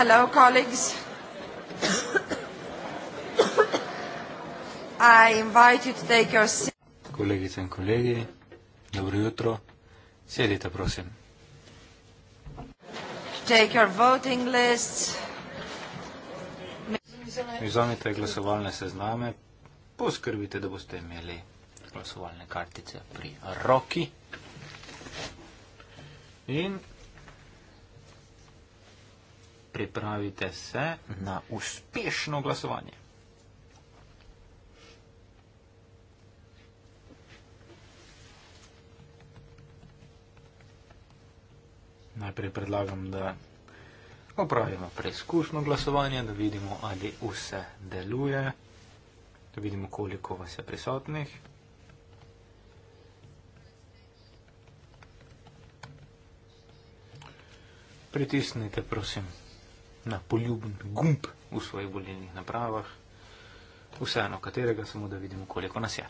Hello, colleagues. I invite you to take your seat. Kolegice in kolegi, dobro jutro. Sedite, prosim. Take your voting lists. Vzamite glasovalne sezname, poskrbite, da boste imeli glasovalne kartice pri roki. In pripravite se na uspešno glasovanje. Najprej predlagam, da opravimo preizkušno glasovanje, da vidimo, ali vse deluje, da vidimo, koliko vas je prisotnih. Pritisnite, prosim, na poljuben gumb v svojih volilnih napravah. Vseeno, katerega samo da vidimo, koliko nas je.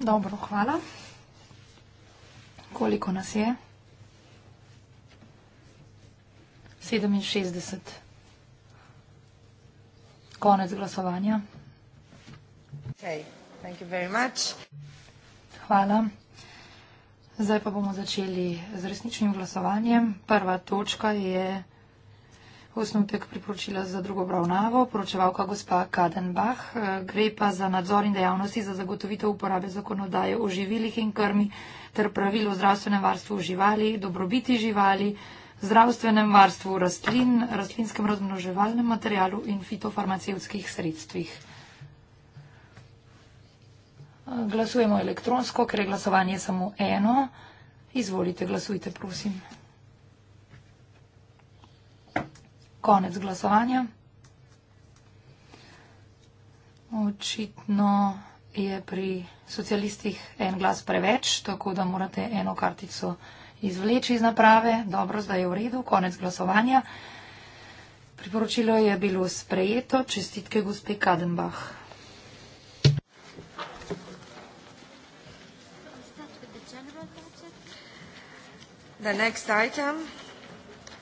Dobro, hvala. Koliko nas je? 67. Konec glasovanja. Okay. Thank you very much. Hvala. Zdaj pa bomo začeli z resničnim glasovanjem. Prva točka je osnutek priporočila za drugo obravnavo, poročevalka gospa Kadenbach. Eh, gre pa za nadzor in dejavnosti za zagotovitev uporabe zakonodaje o živilih in krmi ter pravil o zdravstvenem varstvu živali, dobrobiti živali, zdravstvenem varstvu rastlin, rastlinskem razmnoževalnem materialu in fitofarmacevskih sredstvih. Glasujemo elektronsko, ker je glasovanje samo eno. Izvolite, glasujte, prosim. Konec glasovanja. Očitno je pri socialistih en glas preveč, tako da morate eno kartico izvleči iz naprave. Dobro, zdaj je v redu. Konec glasovanja. Priporočilo je bilo sprejeto. Čestitke gospe Kadenbach. The next item,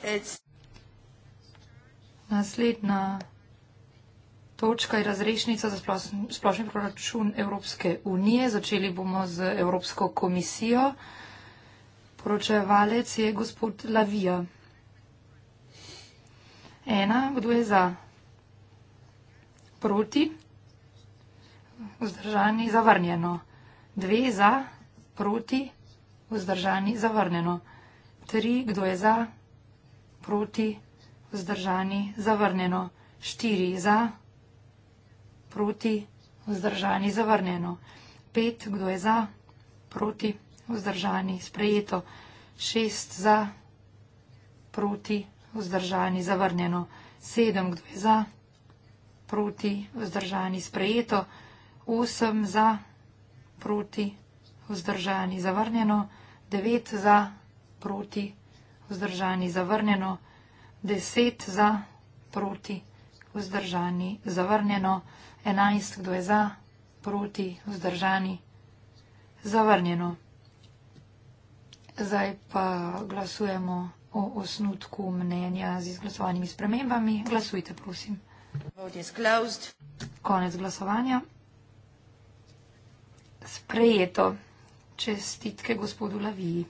it's- Naslednja točka je razrešnica za splošni proračun Evropske unije. Začeli bomo z Evropsko komisijo. Poročevalec je gospod Lavija. Ena, kdo je za? Proti? Vzdržani, zavrnjeno. Dve za? Proti? Vzdržani, zavrnjeno. 3. Kdo je za? Proti. Vzdržani. Zavrnjeno. 4. Za. Proti. Vzdržani. Zavrnjeno. 5. Kdo je za? Proti. Vzdržani. Sprejeto. 6. Za. Proti. Vzdržani. Zavrnjeno. 7. Kdo je za? Proti. Vzdržani. Sprejeto. 8. Za. Proti. Vzdržani. Zavrnjeno. 9. Za proti, vzdržani zavrnjeno, deset za, proti, vzdržani zavrnjeno, enajst kdo je za, proti, vzdržani zavrnjeno. Zdaj pa glasujemo o osnutku mnenja z izglasovanimi spremembami. Glasujte, prosim. Konec glasovanja. Sprejeto. Čestitke gospodu Laviji.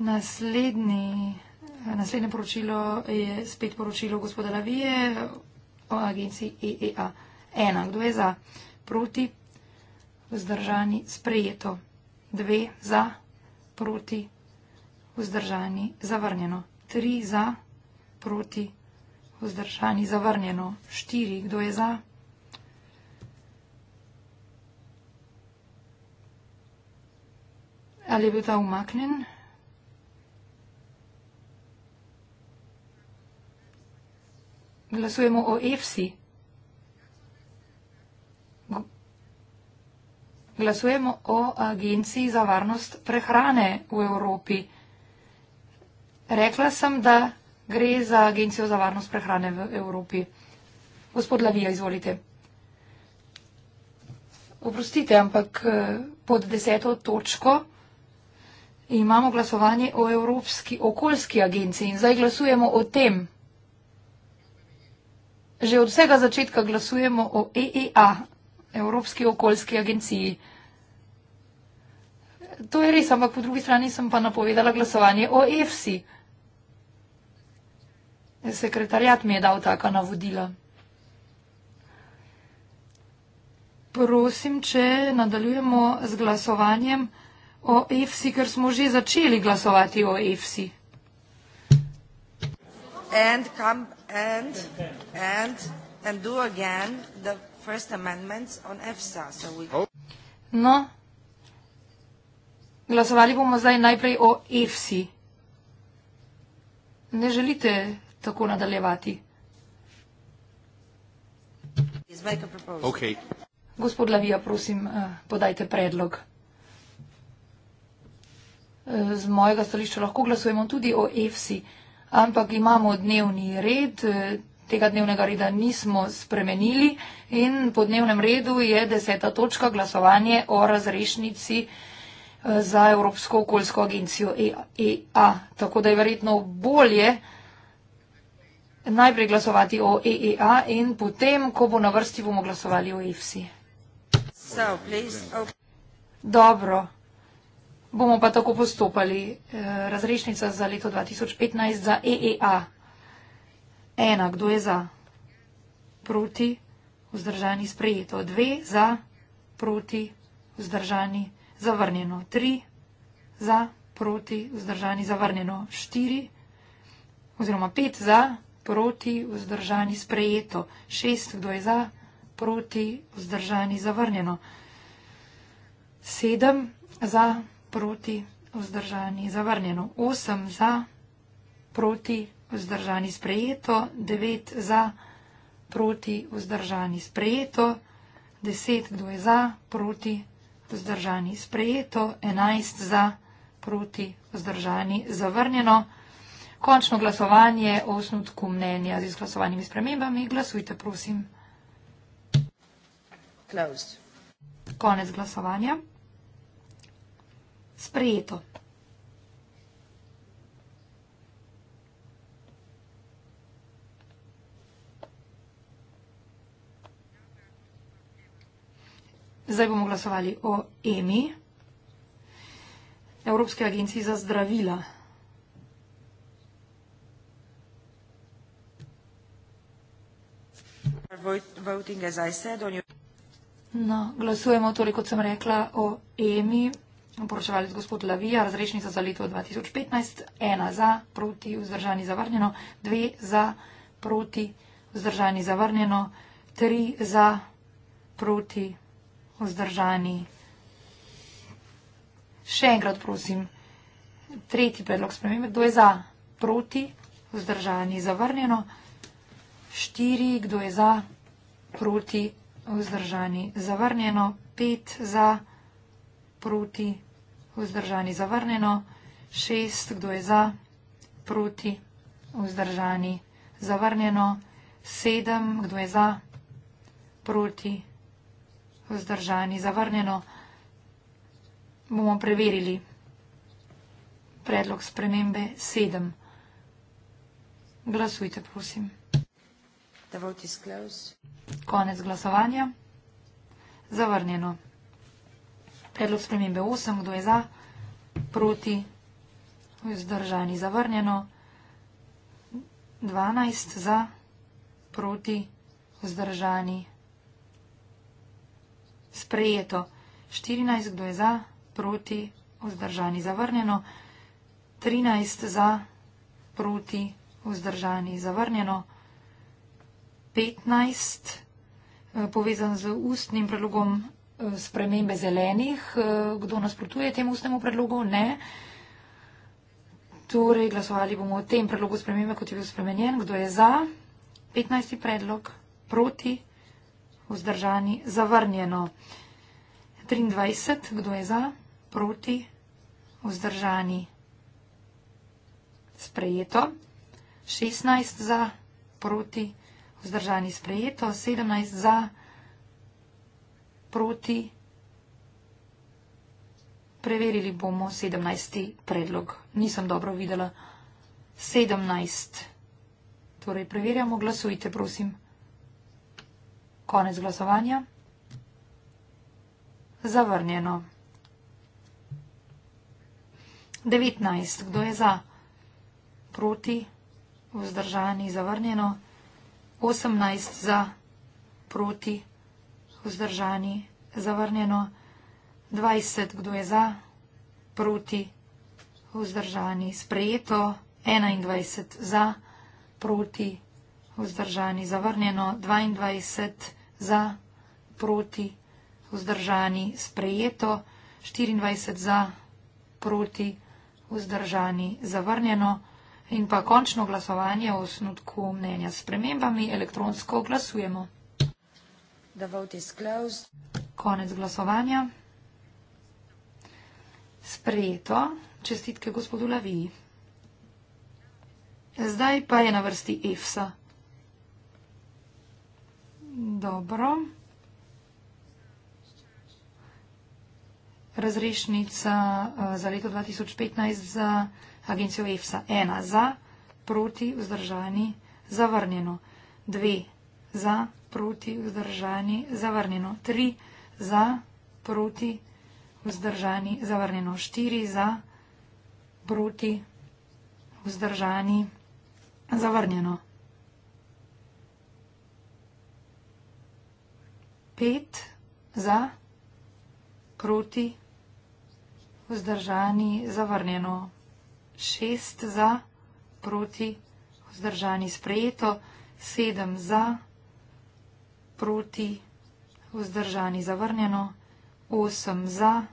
Naslednji, naslednje poročilo je spet poročilo gospoda Lavije o agenciji EEA. Ena, kdo je za? Proti, vzdržani, sprejeto. Dve, za, proti, vzdržani, zavrnjeno. Tri, za, proti, vzdržani, zavrnjeno. Štiri, kdo je za? Ali je bil ta umaknen? Glasujemo o EFSI. Glasujemo o Agenciji za varnost prehrane v Evropi. Rekla sem, da gre za Agencijo za varnost prehrane v Evropi. Gospod Lavija, izvolite. Oprostite, ampak eh, pod deseto točko imamo glasovanje o Evropski okoljski agenciji in zdaj glasujemo o tem. Že od vsega začetka glasujemo o EEA, Evropski okoljski agenciji. To je res, ampak po drugi strani sem pa napovedala glasovanje o EFSI. Sekretarjat mi je dal taka navodila. Prosim, če nadaljujemo z glasovanjem o EFSI, ker smo že začeli glasovati o EFSI and come and and and do again the first amendments on EFSA. So we no. Glasovali bomo zdaj najprej o EFSI. Ne želite tako nadaljevati. Okay. Gospod Lavija, prosim, eh, podajte predlog. Eh, z mojega stališča lahko glasujemo tudi o EFSI ampak imamo dnevni red, eh, tega dnevnega reda nismo spremenili in po dnevnem redu je deseta točka glasovanje o razrešnici eh, za Evropsko okoljsko agencijo EA. E Tako da je verjetno bolje najprej glasovati o EEA in potem, ko bo na vrsti, bomo glasovali o EFSI. So, please, Dobro. Bomo pa tako postopali. Eh, razrešnica za leto 2015 za EEA. Ena, kdo je za? Proti, vzdržani, sprejeto. Dve, za, proti, vzdržani, zavrnjeno. Tri, za, proti, vzdržani, zavrnjeno. Štiri, oziroma pet, za, proti, vzdržani, sprejeto. Šest, kdo je za? Proti, vzdržani, zavrnjeno. Sedem, za, proti, vzdržani, zavrnjeno proti, vzdržani, zavrnjeno. 8 za, proti, vzdržani, sprejeto. 9 za, proti, vzdržani, sprejeto. 10, kdo je za, proti, vzdržani, sprejeto. 11 za, proti, vzdržani, zavrnjeno. Končno glasovanje o osnutku mnenja z izglasovanimi spremembami. Glasujte, prosim. Closed. Konec glasovanja sprejeto. Zdaj bomo glasovali o EMI, Evropske agenciji za zdravila. Na, no, glasujemo, torej kot sem rekla, o EMI, poročevalec gospod Lavija, razrešnica za leto 2015, ena za, proti, vzdržani zavrnjeno, dve za, proti, vzdržani zavrnjeno, tri za, proti, vzdržani. Še enkrat prosim, tretji predlog spremembe, kdo je za, proti, vzdržani zavrnjeno, štiri, kdo je za, proti, vzdržani zavrnjeno, pet za, proti proti, vzdržani zavrnjeno, šest, kdo je za, proti, vzdržani zavrnjeno, sedem, kdo je za, proti, vzdržani zavrnjeno. Bomo preverili predlog spremembe sedem. Glasujte, prosim. Konec glasovanja. Zavrnjeno. Predlog spremembe 8. Kdo je za? Proti? Vzdržani? Zavrnjeno? 12. Za? Proti? Vzdržani? Sprejeto. 14. Kdo je za? Proti? Vzdržani? Zavrnjeno? 13. Za? Proti? Vzdržani? Zavrnjeno? 15. Eh, povezan z ustnim predlogom spremembe zelenih. Eh, Kdo nasprotuje temu ustnemu predlogu? Ne. Torej, glasovali bomo o tem predlogu spremembe, kot je bil spremenjen. Kdo je za? 15. predlog. Proti? Vzdržani? Zavrnjeno. 23. Kdo je za? Proti? Vzdržani? Sprejeto. 16. za? Proti? Vzdržani? Sprejeto. 17. za? Proti? proti. Preverili bomo 17. predlog. Nisem dobro videla. 17. Torej, preverjamo, glasujte, prosim. Konec glasovanja. Zavrnjeno. 19. Kdo je za? Proti. Vzdržani. Zavrnjeno. 18. Za. Proti vzdržani, zavrnjeno 20, kdo je za, proti, vzdržani, sprejeto 21 za, proti, vzdržani, zavrnjeno 22 za, proti, vzdržani, sprejeto 24 za, proti, vzdržani, zavrnjeno. In pa končno glasovanje o osnutku mnenja s premembami elektronsko glasujemo. The vote is closed. Konec glasovanja. Sprejeto. Čestitke gospodu Laviji. Zdaj pa je na vrsti EFSA. Dobro. Razrešnica eh, za leto 2015 za agencijo EFSA. Ena za, proti, vzdržani, zavrnjeno. Dve za, proti, vzdržani, zavrnjeno. 3 za, proti, vzdržani, zavrnjeno. 4 za, proti, vzdržani, zavrnjeno. 5 za, proti, vzdržani, zavrnjeno. 6 za, proti, vzdržani, sprejeto. 7 za, proti, vzdržani, zavrnjeno proti, vzdržani zavrnjeno, 8 za,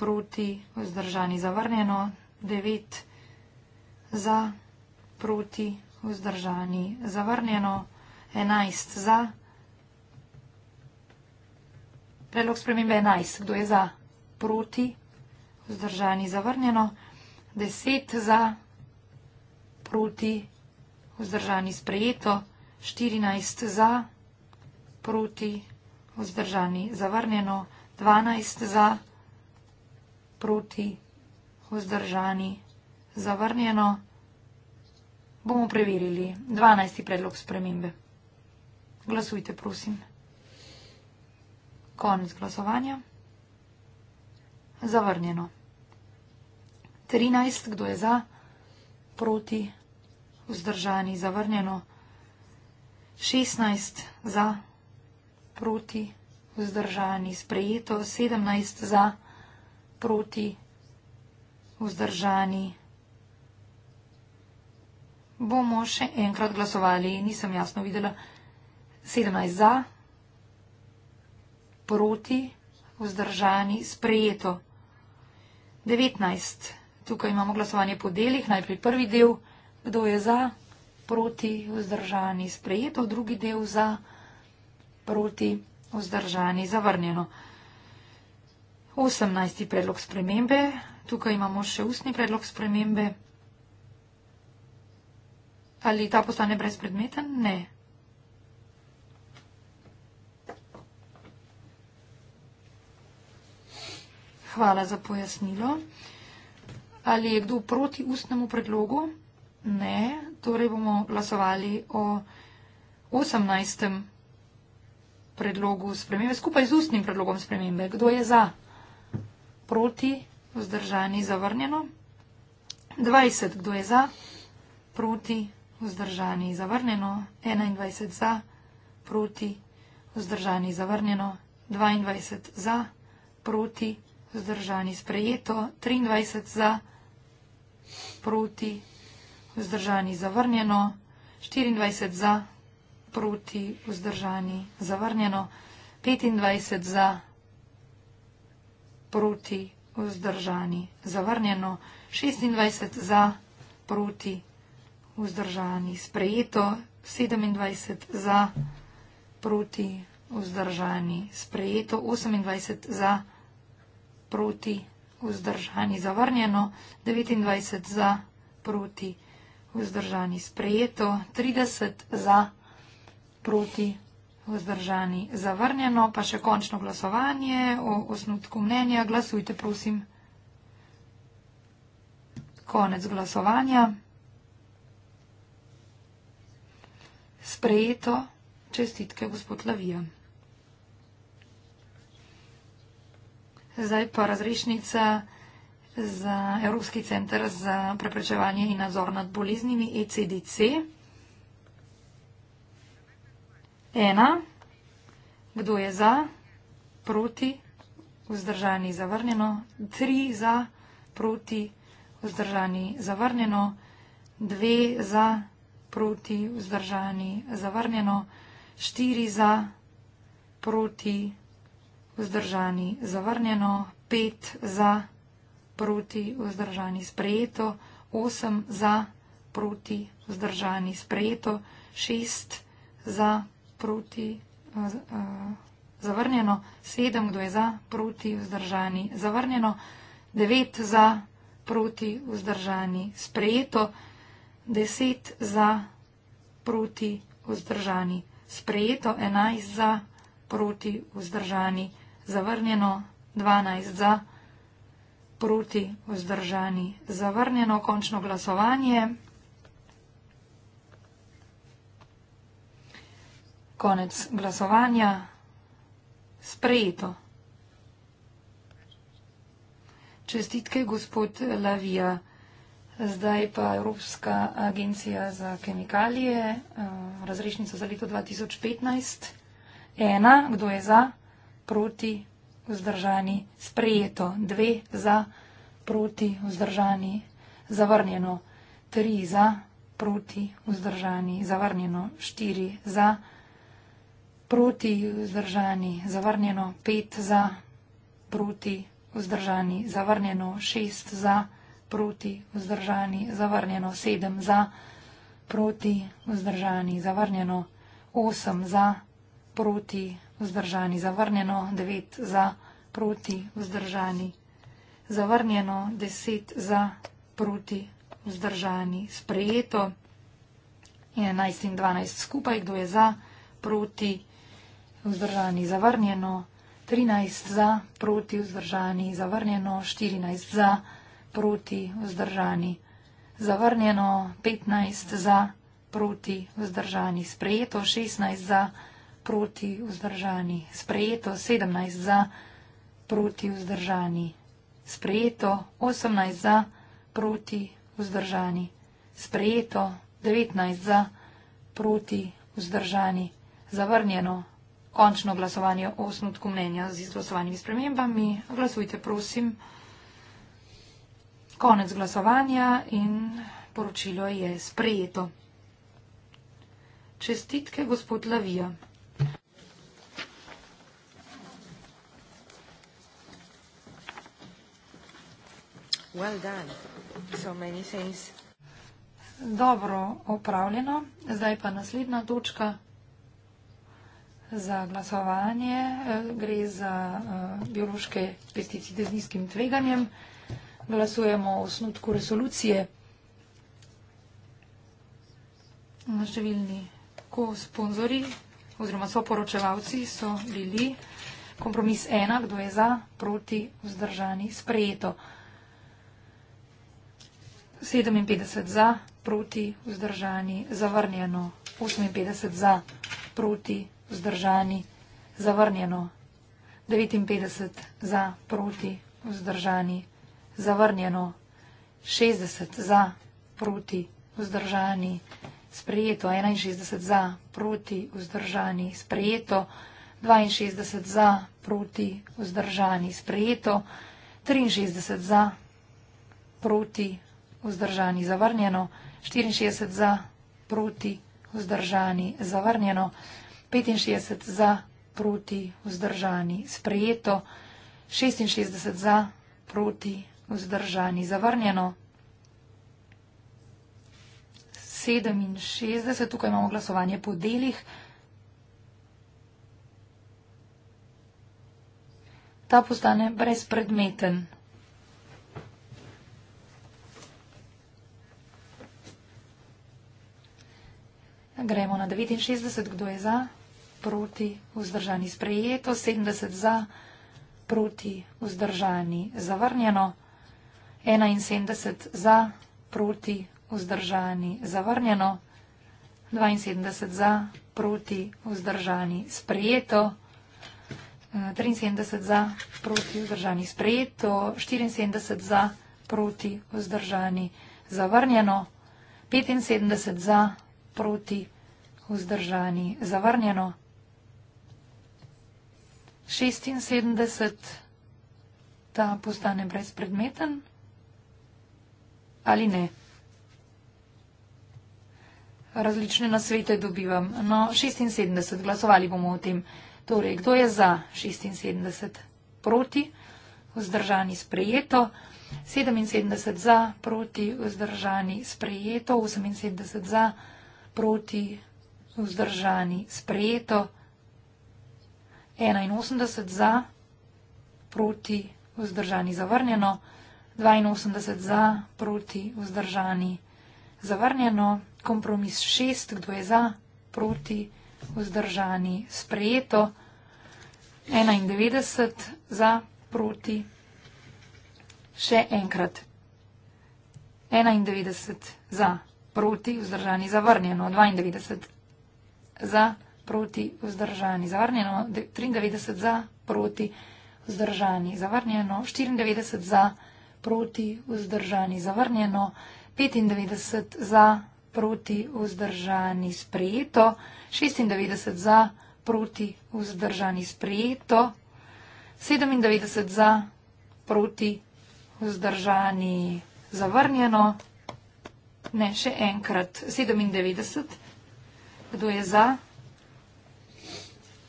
proti, vzdržani zavrnjeno, 9 za, proti, vzdržani zavrnjeno, 11 za. Predlog spremembe 11. Kdo je za? Proti, vzdržani zavrnjeno, 10 za, proti, vzdržani sprejeto, 14 za proti, vzdržani, zavrnjeno, 12 za, proti, vzdržani, zavrnjeno. Bomo preverili 12. predlog spremembe. Glasujte, prosim. Konec glasovanja. Zavrnjeno. 13. Kdo je za? Proti. Vzdržani. Zavrnjeno. 16. Za proti, vzdržani, sprejeto, 17 za, proti, vzdržani. Bomo še enkrat glasovali, nisem jasno videla. 17 za, proti, vzdržani, sprejeto. 19. Tukaj imamo glasovanje po delih. Najprej prvi del, kdo je za, proti, vzdržani, sprejeto, drugi del za, proti proti, vzdržani, zavrnjeno. 18. predlog spremembe. Tukaj imamo še ustni predlog spremembe. Ali ta postane brezpredmeten? Ne. Hvala za pojasnilo. Ali je kdo proti ustnemu predlogu? Ne. Torej bomo glasovali o 18. predlogu predlogu spremembe, skupaj z ustnim predlogom spremembe. Kdo je za? Proti, vzdržani, zavrnjeno. 20. Kdo je za? Proti, vzdržani, zavrnjeno. 21. Za? Proti, vzdržani, zavrnjeno. 22. Za? Proti, vzdržani, sprejeto. 23. Za? Proti, vzdržani, zavrnjeno. 24. Za? proti, vzdržani, zavrnjeno, 25 za, proti, vzdržani, zavrnjeno, 26 za, proti, vzdržani, sprejeto, 27 za, proti, vzdržani, sprejeto, 28 za, proti, vzdržani, zavrnjeno, 29 za, proti, vzdržani, sprejeto, 30 za, proti, vzdržani, sprejeto, 30 za, proti, vzdržani, zavrnjeno. Pa še končno glasovanje o osnutku mnenja. Glasujte, prosim. Konec glasovanja. Sprejeto. Čestitke, gospod Lavija. Zdaj pa razrešnica za Evropski center za preprečevanje in nadzor nad boleznimi ECDC. Ena. Kdo je za? Proti? Vzdržani zavrnjeno. Tri za? Proti? Vzdržani zavrnjeno. Dve za? Proti? Vzdržani zavrnjeno. Štiri za? Proti? Vzdržani zavrnjeno. Pet za? Proti? Vzdržani sprejeto. Osem za? Proti? Vzdržani sprejeto. Šest za? Proti? proti, uh, uh, zavrnjeno, sedem, kdo je za, proti, vzdržani, zavrnjeno, devet za, proti, vzdržani, sprejeto, deset za, proti, vzdržani, sprejeto, enajst za, proti, vzdržani, zavrnjeno, dvanajst za, proti, vzdržani, zavrnjeno, končno glasovanje. Konec glasovanja. Sprejeto. Čestitke, gospod Lavija. Zdaj pa Evropska agencija za kemikalije, eh, razrešnico za leto 2015. Ena, kdo je za, proti, vzdržani, sprejeto. Dve, za, proti, vzdržani, zavrnjeno. Tri, za, proti, vzdržani, zavrnjeno. Štiri, za, vzdržani proti vzdržani, zavrnjeno pet za, proti vzdržani, zavrnjeno šest za, proti vzdržani, zavrnjeno sedem za, proti vzdržani, zavrnjeno osem za, proti vzdržani, zavrnjeno devet za, proti vzdržani, zavrnjeno deset za, proti vzdržani, sprejeto. 11 in 12 skupaj, kdo je za, proti vzdržani vzdržani, zavrnjeno, 13 za, proti, vzdržani, zavrnjeno, 14 za, proti, vzdržani, zavrnjeno, 15 za, proti, vzdržani, sprejeto, 16 za, proti, vzdržani, sprejeto, 17 za, proti, vzdržani, sprejeto, 18 za, proti, vzdržani, sprejeto, 19 za, proti, vzdržani, zavrnjeno, končno glasovanje o osnutku mnenja z izglasovanimi spremembami. Glasujte, prosim. Konec glasovanja in poročilo je sprejeto. Čestitke, gospod Lavija. Well done. So many things. Dobro opravljeno. Zdaj pa naslednja točka za glasovanje. Eh, gre za eh, biološke pesticide z nizkim tveganjem. Glasujemo o osnutku resolucije. Naštevilni ko-sponzori oziroma soporočevalci so bili kompromis ena, kdo je za, proti, vzdržani, sprejeto. 57 za, proti, vzdržani, zavrnjeno. 58 za, proti, vzdržani vzdržani, zavrnjeno. 59 za, proti, vzdržani, zavrnjeno. 60 za, proti, vzdržani, sprejeto. 61 za, proti, vzdržani, sprejeto. 62 za, proti, vzdržani, sprejeto. 63 za, proti, vzdržani, zavrnjeno. 64 za, proti, vzdržani, zavrnjeno. 65 za, proti, vzdržani, sprejeto, 66 za, proti, vzdržani, zavrnjeno. 67, tukaj imamo glasovanje po delih. Ta postane brezpredmeten. Gremo na 69, kdo je za? proti, vzdržani sprejeto, 70 za, proti, vzdržani zavrnjeno, 71 za, proti, vzdržani zavrnjeno, 72 za, proti, vzdržani sprejeto, 73 eh, za, proti, vzdržani sprejeto, 74 za, proti, vzdržani zavrnjeno, 75 za, proti, vzdržani zavrnjeno. 76, ta postane brezpredmeten ali ne. Različne nasvete dobivam. No, 76, glasovali bomo o tem. Torej, kdo je za 76? Proti, vzdržani sprejeto. 77 za, proti, vzdržani sprejeto. 78 za, proti, vzdržani sprejeto. 81 za, proti, vzdržani, zavrnjeno, 82 za, proti, vzdržani, zavrnjeno, kompromis 6, kdo je za, proti, vzdržani, sprejeto, 91 za, proti, še enkrat. 91 za, proti, vzdržani, zavrnjeno, 92 za, proti proti vzdržani. Zavrnjeno 93 za proti vzdržani. Zavrnjeno 94 za proti vzdržani. Zavrnjeno 95 za proti vzdržani. Sprejeto 96 za proti vzdržani. Sprejeto 97 za proti vzdržani. Zavrnjeno. Ne, še enkrat 97. Kdo je za?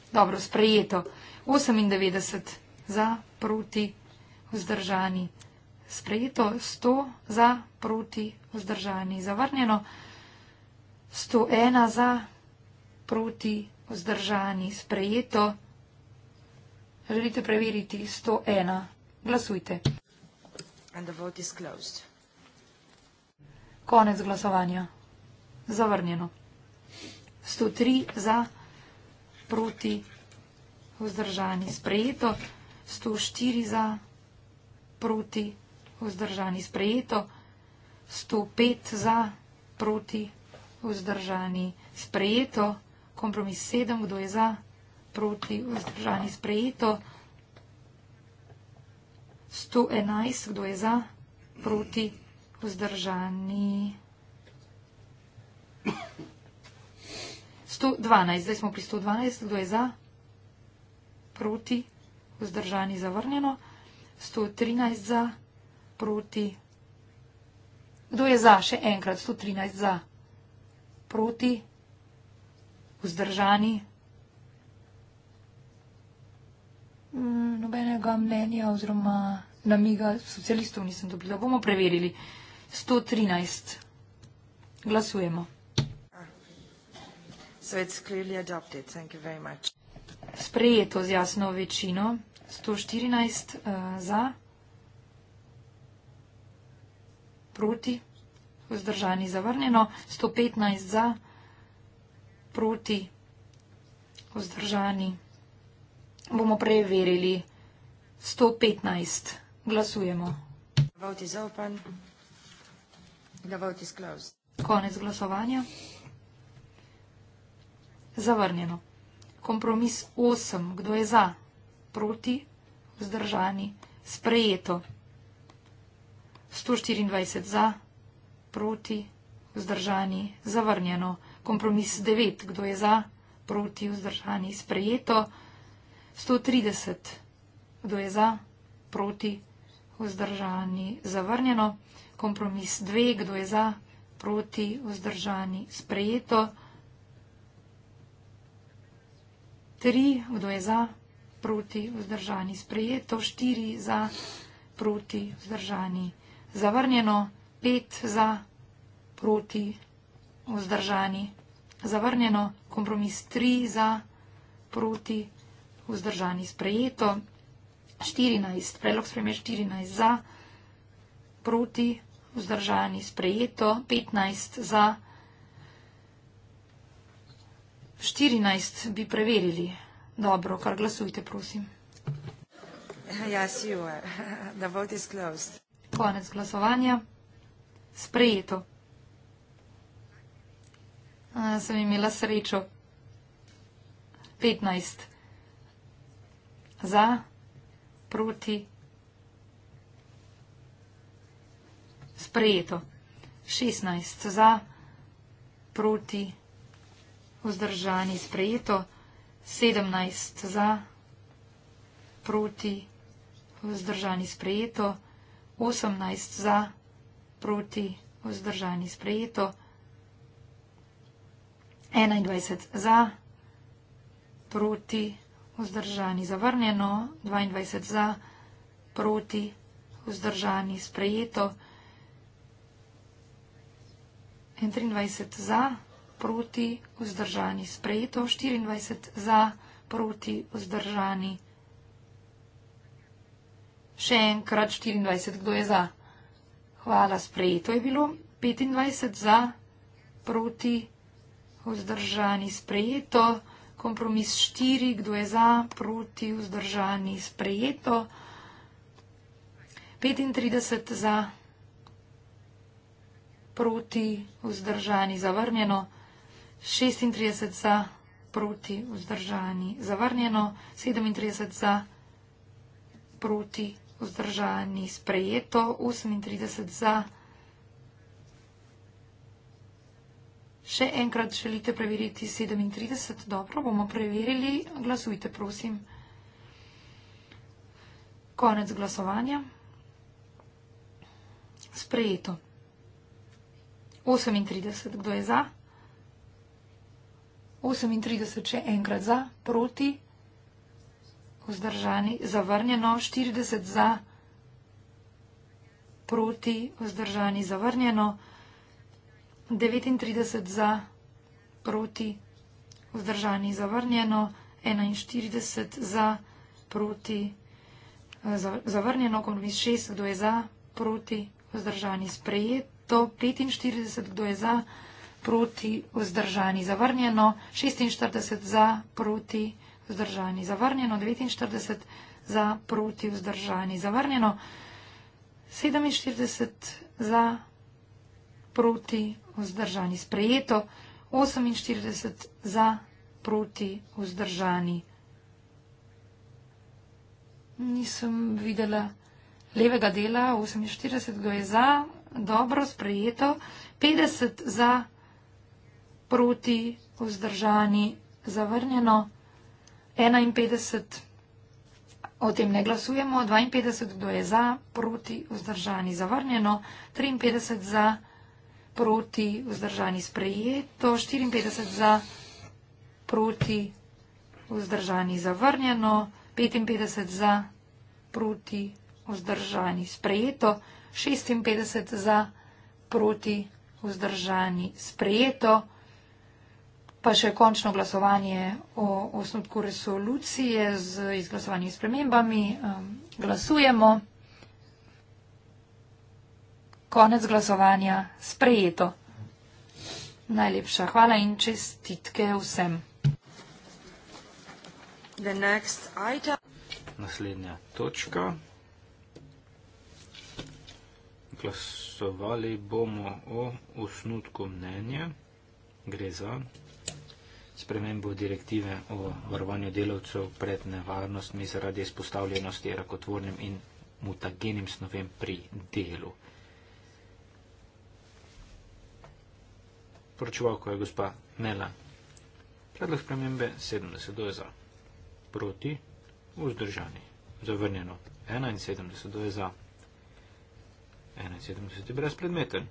Dobro, sprejeto. 98 za, proti, vzdržani. Sprejeto 100 za, proti, vzdržani. Zavrnjeno 101 za, proti, vzdržani. Sprejeto. Želite preveriti 101. Glasujte. Konec glasovanja. Zavrnjeno. 103 za proti vzdržani. Sprejeto 104 za proti vzdržani. Sprejeto 105 za proti vzdržani. Sprejeto kompromis 7, kdo je za proti vzdržani. Sprejeto 111, kdo je za proti vzdržani. 112. Zdaj smo pri 112. Kdo je za? Proti. Vzdržani zavrnjeno. 113 za. Proti. Kdo je za? Še enkrat. 113 za. Proti. Vzdržani. Mm, nobenega mnenja oziroma namiga socialistov nisem dobila. Bomo preverili. 113. Glasujemo. So it's clearly adopted. Thank you very much. Sprejeto z jasno večino. 114 uh, eh, za, proti, vzdržani zavrnjeno. 115 za, proti, vzdržani. Bomo preverili. 115. Glasujemo. Vote is open. The vote is closed. Konec glasovanja zavrnjeno. Kompromis 8. Kdo je za? Proti? Vzdržani? Sprejeto. 124 za, proti, vzdržani, zavrnjeno. Kompromis 9. Kdo je za, proti, vzdržani, sprejeto. 130. Kdo je za, proti, vzdržani, zavrnjeno. Kompromis 2. Kdo je za, proti, vzdržani, sprejeto. tri, kdo je za, proti, vzdržani, sprejeto, štiri za, proti, vzdržani, zavrnjeno, pet za, proti, vzdržani, zavrnjeno, kompromis tri za, proti, vzdržani, sprejeto, štirinajst, predlog spremenj štirinajst za, proti, vzdržani, sprejeto, petnajst za, proti, 14 bi preverili. Dobro, kar glasujte, prosim. Yes, you are. The vote is closed. Konec glasovanja. Sprejeto. A, sem imela srečo. 15. Za, proti. Sprejeto. 16. Za, proti vzdržani, sprejeto 17 za, proti, vzdržani, sprejeto 18 za, proti, vzdržani, sprejeto 21 za, proti, vzdržani, zavrnjeno 22 za, proti, vzdržani, sprejeto. 23 za, proti, vzdržani, sprejeto 24 za, proti, vzdržani. Še enkrat 24, kdo je za? Hvala, sprejeto je bilo 25 za, proti, vzdržani, sprejeto. Kompromis 4, kdo je za, proti, vzdržani, sprejeto. 35 za, proti, vzdržani, zavrnjeno. 36 za, proti, vzdržani, zavrnjeno, 37 za, proti, vzdržani, sprejeto, 38 za. Še enkrat želite preveriti 37, dobro, bomo preverili, glasujte, prosim. Konec glasovanja. Sprejeto. 38, kdo je za? 38 še enkrat za, proti, vzdržani, zavrnjeno, 40 za, proti, vzdržani, zavrnjeno, 39 za, proti, vzdržani, zavrnjeno, 41 za, proti, zavrnjeno, konvis 6, kdo je za, proti, vzdržani, sprejeto, 45, kdo je za, proti, proti, vzdržani, zavrnjeno, 46 za, proti, vzdržani, zavrnjeno, 49 za, proti, vzdržani, zavrnjeno, 47 za, proti, vzdržani, sprejeto, 48 za, proti, vzdržani. Nisem videla levega dela, 48 ga je za, dobro, sprejeto, 50 za, proti, vzdržani proti, vzdržani, zavrnjeno. 51, o tem ne glasujemo, 52, kdo je za, proti, vzdržani, zavrnjeno, 53 za, proti, vzdržani, sprejeto, 54 za, proti, vzdržani, zavrnjeno, 55 za, proti, vzdržani, sprejeto, 56 za, proti, vzdržani, sprejeto, Pa še končno glasovanje o osnutku resolucije z izglasovanimi spremembami. Glasujemo. Konec glasovanja. Sprejeto. Najlepša hvala in čestitke vsem. The next item. Naslednja točka. Glasovali bomo o osnutku mnenja. Gre za spremembo direktive o varovanju delavcev pred nevarnostmi zaradi izpostavljenosti rakotvornim in mutagenim snovem pri delu. Poročevalko je gospa Nela. Predlog spremembe 70 do je za. Proti, vzdržani. Zavrnjeno. 71 do je za. 71 je brezpredmeten.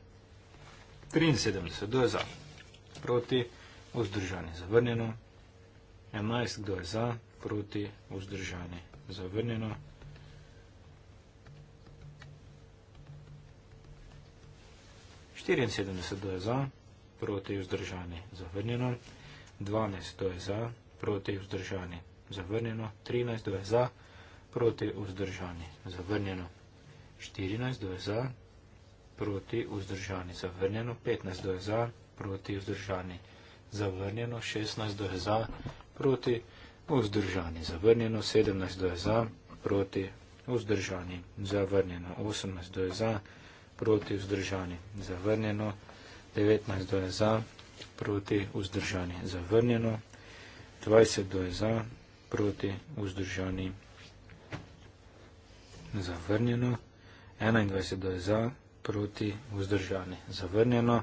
73 do je za. Proti, vzdržani vzdržani zavrnjeno, 11 kdo je za, proti, vzdržani zavrnjeno. Štirinsedemdeset do je za, proti vzdržani zavrnjeno, dvanest do je za, proti vzdržani zavrnjeno, trinajst do je za, proti vzdržani zavrnjeno, štirinajst do je za, proti vzdržani zavrnjeno, petnajst do je za, proti vzdržani zavrnjeno zavrnjeno 16 do je za, proti vzdržani zavrnjeno 17 do je za, proti vzdržani zavrnjeno 18 do je za, proti vzdržani zavrnjeno 19 do je za, proti vzdržani zavrnjeno 20 do je za, proti vzdržani zavrnjeno 21 do je za, proti vzdržani zavrnjeno 21 do je za, proti vzdržani zavrnjeno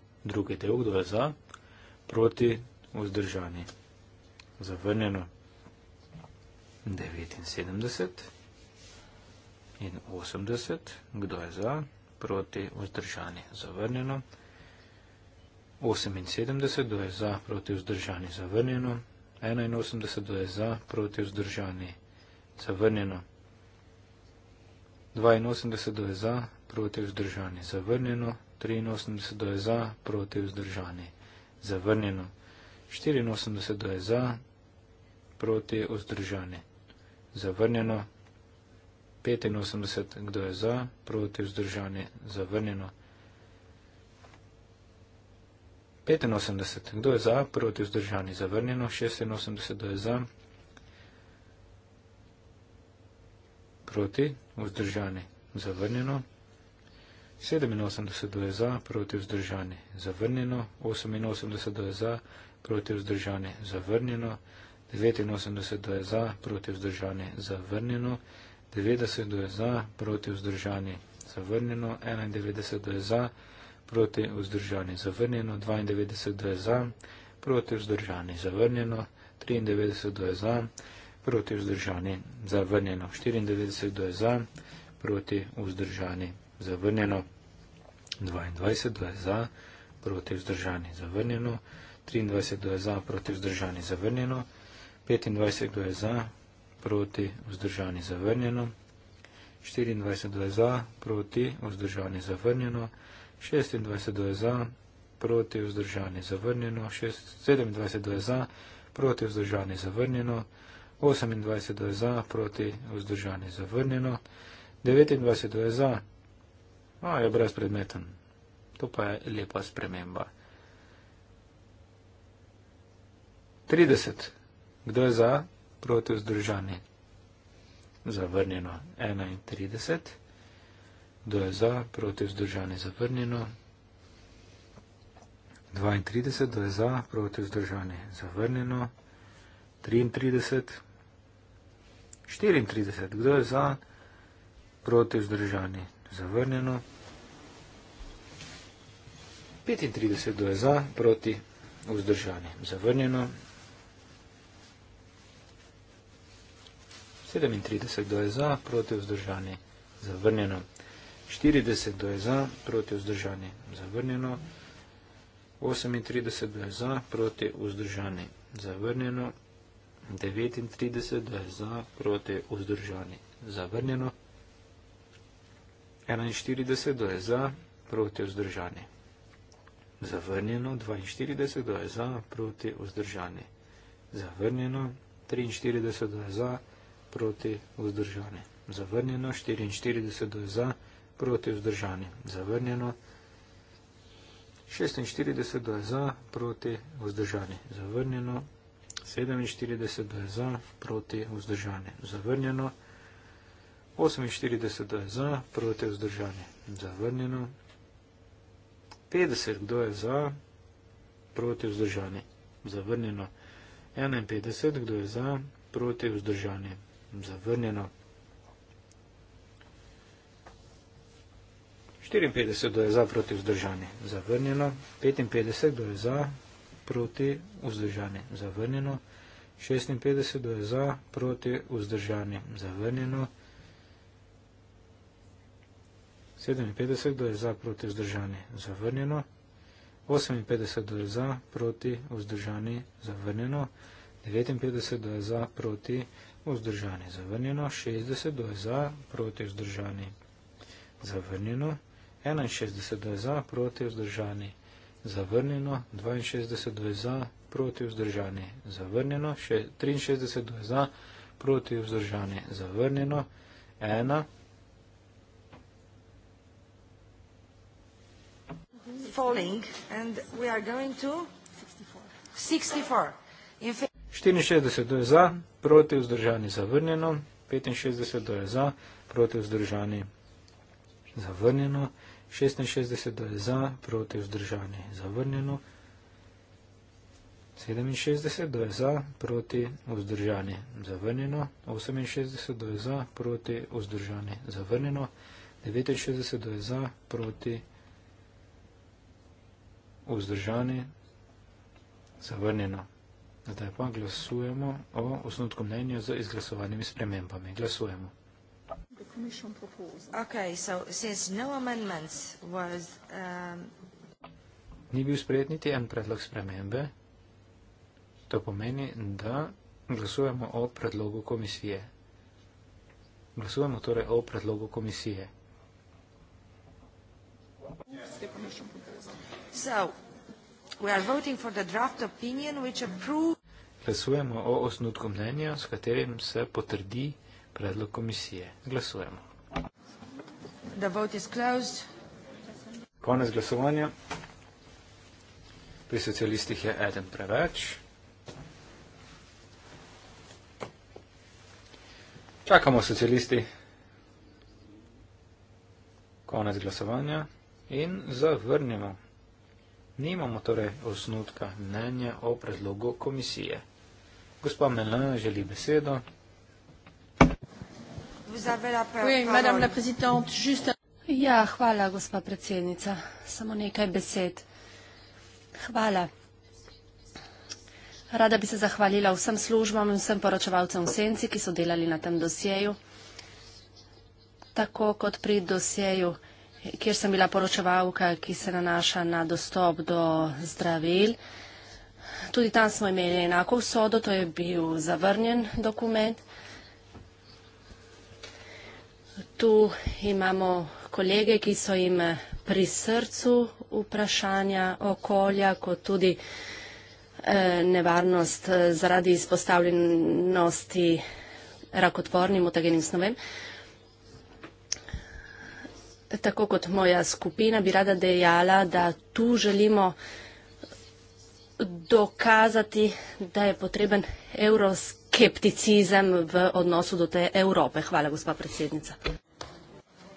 drugi del, kdo je za, proti vzdržani. Zavrnjeno 79 in 80, kdo je za, proti vzdržani. Zavrnjeno 78, kdo je za, proti vzdržani. Zavrnjeno 81, kdo je za, proti vzdržani. Zavrnjeno 82, kdo je za, proti vzdržani. Zavrnjeno 82. 83 do je za, proti vzdržani. Zavrnjeno. 84 do je za, proti vzdržani. Zavrnjeno. 85 kdo je za, proti vzdržani. Zavrnjeno. 85 kdo je za, proti vzdržani. Zavrnjeno. 86 kdo je za, proti vzdržani. Zavrnjeno. 87 je za, proti vzdržani, zavrnjeno, 88 je za, proti vzdržani, zavrnjeno, 89 je za, proti vzdržani, zavrnjeno, 90 je za, proti vzdržani, zavrnjeno, 91 je za, proti vzdržani, zavrnjeno, 92 je za, proti vzdržani, zavrnjeno, 93 je za, proti vzdržani, zavrnjeno, 94 je za, proti vzdržani, zavrnjeno zavrnjeno, 22 glas za, proti vzdržani zavrnjeno, 23 glas za, proti vzdržani zavrnjeno, 25 glas za, proti vzdržani zavrnjeno, 24 glas za, proti vzdržani zavrnjeno, 26 glas za, proti vzdržani zavrnjeno, 27 glas za, proti vzdržani zavrnjeno, 28 glas za, proti vzdržani zavrnjeno, 29 glas za, A, je brezpredmeten. To pa je lepa sprememba. 30. Kdo je za? Proti vzdržani. Zavrnjeno. 31. Kdo je za? Proti vzdržani. Zavrnjeno. 32. Kdo je za? Proti vzdržani. Zavrnjeno. 33. 34. Kdo je za? Proti vzdržani zavrnjeno. 35 do je za, proti, vzdržani, zavrnjeno. 37 do je za, proti, vzdržani, zavrnjeno. 40 do je za, proti, vzdržani, zavrnjeno. 38 do je za, proti, vzdržani, zavrnjeno. 39 do je za, proti, vzdržani, zavrnjeno. 41, kdo je za, proti vzdržani. Zavrnjeno 42, kdo je za, proti vzdržani. Zavrnjeno 43, kdo je za, proti vzdržani. Zavrnjeno 44, kdo je za, proti vzdržani. Zavrnjeno 46, kdo je za, proti vzdržani. Zavrnjeno 47, kdo je za, proti vzdržani. Zavrnjeno 47, kdo je za, proti vzdržani. 48 je za, proti vzdržanje. Zavrnjeno. 50, kdo je za, proti vzdržanje. Zavrnjeno. 51, kdo je za, proti vzdržanje. Zavrnjeno. 54, kdo je za, proti vzdržanje. Zavrnjeno. 55, kdo je za, proti vzdržanje. Zavrnjeno. 56, kdo je za, proti vzdržanje. Zavrnjeno. 56, 57, kdo je za, proti, vzdržani, zavrnjeno. 58, kdo je za, proti, vzdržani, zavrnjeno. 59, kdo je za, proti, vzdržani, zavrnjeno. 60, kdo je za, proti, vzdržani, zavrnjeno. 61, kdo je za, proti, vzdržani, zavrnjeno. 62, kdo je za, proti, vzdržani, zavrnjeno. 63, kdo je za, proti, vzdržani, zavrnjeno. 1, falling and we are going to 64. 64 je za, proti vzdržani zavrnjeno, 65 je za, proti vzdržani zavrnjeno, 66 je za, proti vzdržani zavrnjeno, 67 je za, proti vzdržani zavrnjeno, 68 je za, proti vzdržani zavrnjeno, 69 je za, proti vzdržani zavrnjeno, vzdržani, zavrnjeno. Zdaj pa glasujemo o osnutku mnenja z izglasovanimi spremembami. Glasujemo. Okay, so, since no amendments was, um... Ni bil sprejet niti en predlog spremembe. To pomeni, da glasujemo o predlogu komisije. Glasujemo torej o predlogu komisije. Yes. So, we are voting for the draft opinion which approves... Glasujemo o osnutku mnenja, s katerim se potrdi predlog komisije. Glasujemo. The vote is closed. Konec glasovanja. Pri socialistih je eden preveč. Čakamo socialisti. Konec glasovanja in zavrnimo glasovanje. Nimamo torej osnutka mnenja o predlogu komisije. Gospa Melan želi besedo. Ja, hvala, gospa predsednica. Samo nekaj besed. Hvala. Rada bi se zahvalila vsem službam in vsem poročevalcem v Senci, ki so delali na tem dosjeju, tako kot pri dosjeju komisije kjer sem bila poročevalka, ki se nanaša na dostop do zdravil. Tudi tam smo imeli enako vsodo, to je bil zavrnjen dokument. Tu imamo kolege, ki so jim pri srcu vprašanja okolja, kot tudi eh, nevarnost eh, zaradi izpostavljenosti rakotvornim, mutagenim snovem tako kot moja skupina, bi rada dejala, da tu želimo dokazati, da je potreben euroskepticizem v odnosu do te Evrope. Hvala, gospa predsednica.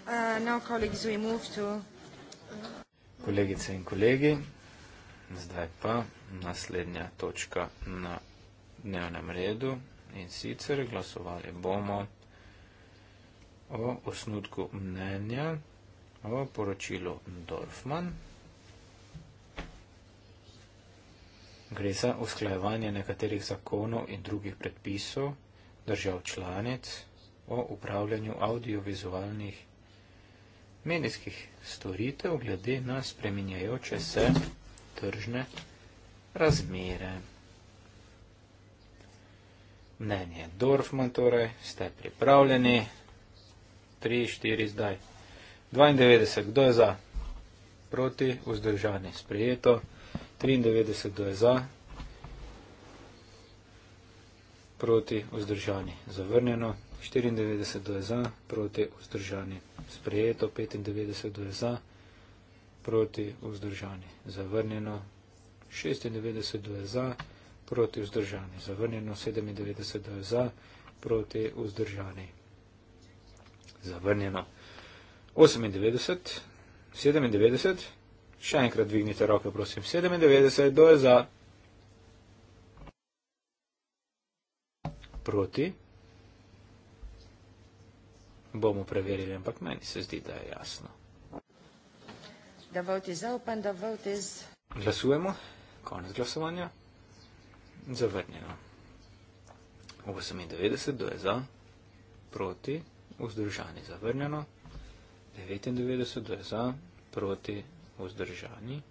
Uh, uh, Kolegice in kolegi, zdaj pa naslednja točka na dnevnem redu in sicer glasovali bomo o osnutku mnenja v poročilu Dorfman. Gre za usklajevanje nekaterih zakonov in drugih predpisov držav članic o upravljanju audiovizualnih medijskih storitev glede na spreminjajoče se tržne razmere. Mnenje Dorfman torej, ste pripravljeni, tri, štiri zdaj. 92, kdo je za? Proti, vzdržani, sprejeto. 93, kdo je za? Proti, vzdržani, zavrnjeno. 94, kdo je za? Proti, vzdržani, sprejeto. 95, kdo je za? Proti, vzdržani, zavrnjeno. 96, kdo je za? Proti, vzdržani, zavrnjeno. 97, kdo je za? Proti, vzdržani, zavrnjeno. 98, 97, še enkrat dvignite roke, prosim. 97, kdo je za? Proti? Bomo preverili, ampak meni se zdi, da je jasno. Da vote za, upam, da vote z. Glasujemo, konec glasovanja. Zavrnjeno. 98, kdo je za? Proti? Vzdržani zavrnjeno. 99 je za, proti vzdržani.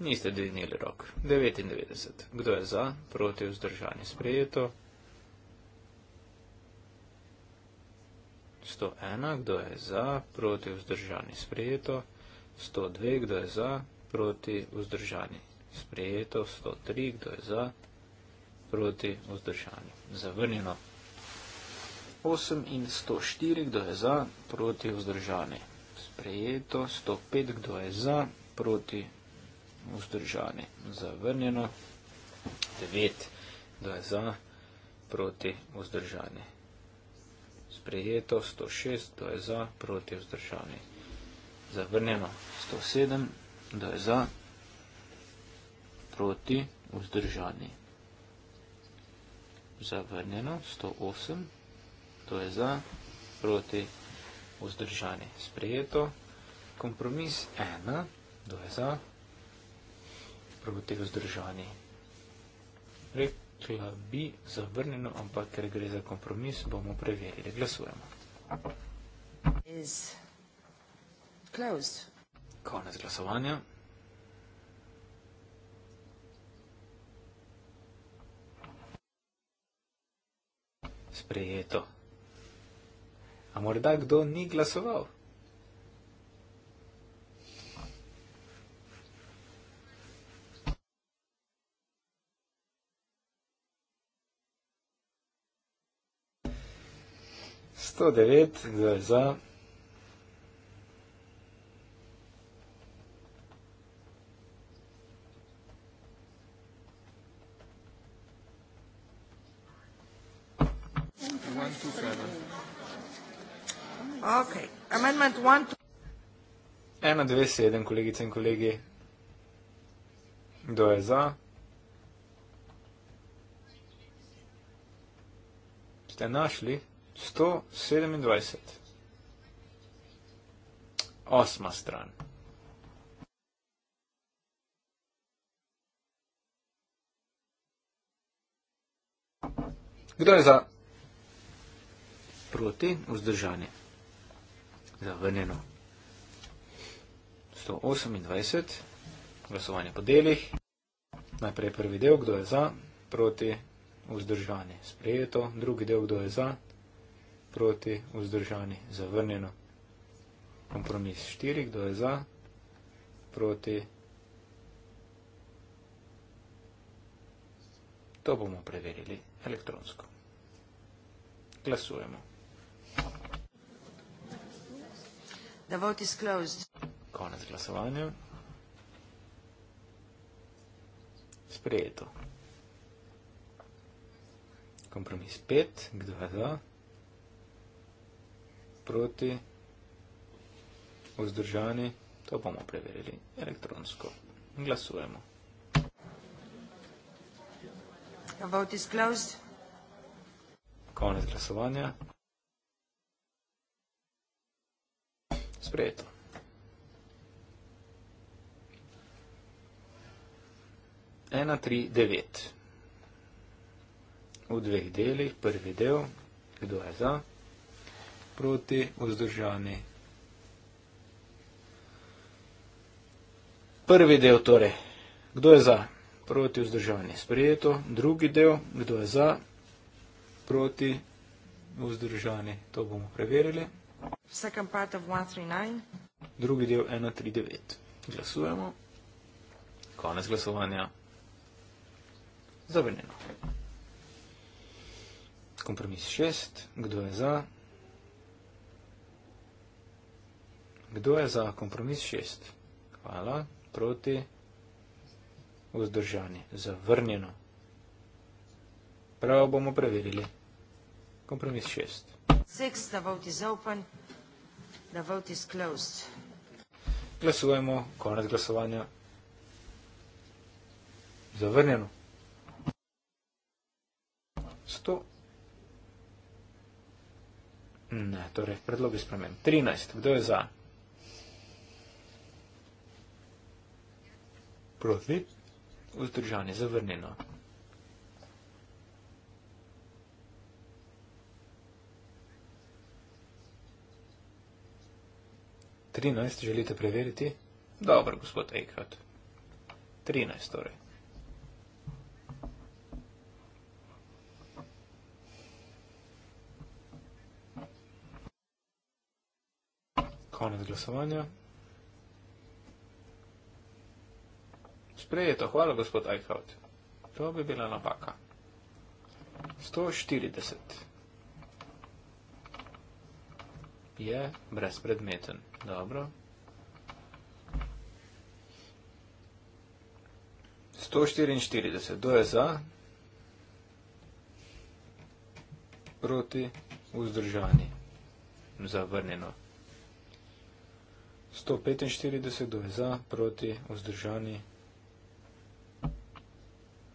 Niste dvignili rok. 99. Kdo je za, proti vzdržani? Sprejeto. 101. Kdo je za, proti vzdržani? Sprejeto. 102. Kdo je za, proti vzdržani? Sprejeto. 103. Kdo je za, proti vzdržani? Zavrnjeno. 108 in 104, kdo je za, proti vzdržani. Sprejeto, 105, kdo je za, proti vzdržani. Zavrnjeno, 9, kdo je za, proti vzdržani. Sprejeto, 106, kdo je za, proti vzdržani. Zavrnjeno, 107, kdo je za, proti vzdržani. Zavrnjeno, 108, kdo je za, proti vzdržani to je za, proti, vzdržani, sprejeto, kompromis 1, to je za, proti, vzdržani. Rekla bi zavrnjeno, ampak ker gre za kompromis, bomo preverili. Glasujemo. Is closed. Konec glasovanja. Sprejeto. A morda kdo ni glasoval? Sto devet, dva za, ena, dve, sedem, kolegice in kolegi. Kdo je za? Ste našli 127. Osma stran. Kdo je za? Proti, vzdržanje. Zavrnjeno. 128, glasovanje po delih. Najprej prvi del, kdo je za, proti, vzdržani, sprejeto. Drugi del, kdo je za, proti, vzdržani, zavrnjeno. Kompromis 4, kdo je za, proti. To bomo preverili elektronsko. Glasujemo. The vote is closed. Konec glasovanja. Sprejeto. Kompromis 5, kdo je za, proti, vzdržani, to bomo preverili elektronsko. Glasujemo. The vote is closed. Konec glasovanja. Sprejeto. ena, tri, devet. V dveh delih, prvi del, kdo je za, proti, vzdržani. Prvi del torej, kdo je za, proti, vzdržani, sprejeto. Drugi del, kdo je za, proti, vzdržani, to bomo preverili. Second part of 139. Drugi del 139. Glasujemo. Konec glasovanja zavrnjeno. Kompromis šest. Kdo je za? Kdo je za kompromis šest? Hvala. Proti. Vzdržani. Zavrnjeno. Prav bomo preverili. Kompromis šest. Six, the vote is open. The vote is closed. Glasujemo. Konec glasovanja. Zavrnjeno. 100. Ne, torej predlog je spremenjen. 13. Kdo je za? Proti. Vzdržanje je zavrnjeno. Trinajst, želite preveriti? Dobro, gospod Eichhardt. Trinajst, torej. Konec glasovanja. Sprejeto, hvala gospod Eichhout. To bi bila napaka. 140 je brezpredmeten. Dobro. 144, kdo je za? Proti vzdržani. Zavrnjeno. 145 do je za, proti, vzdržani.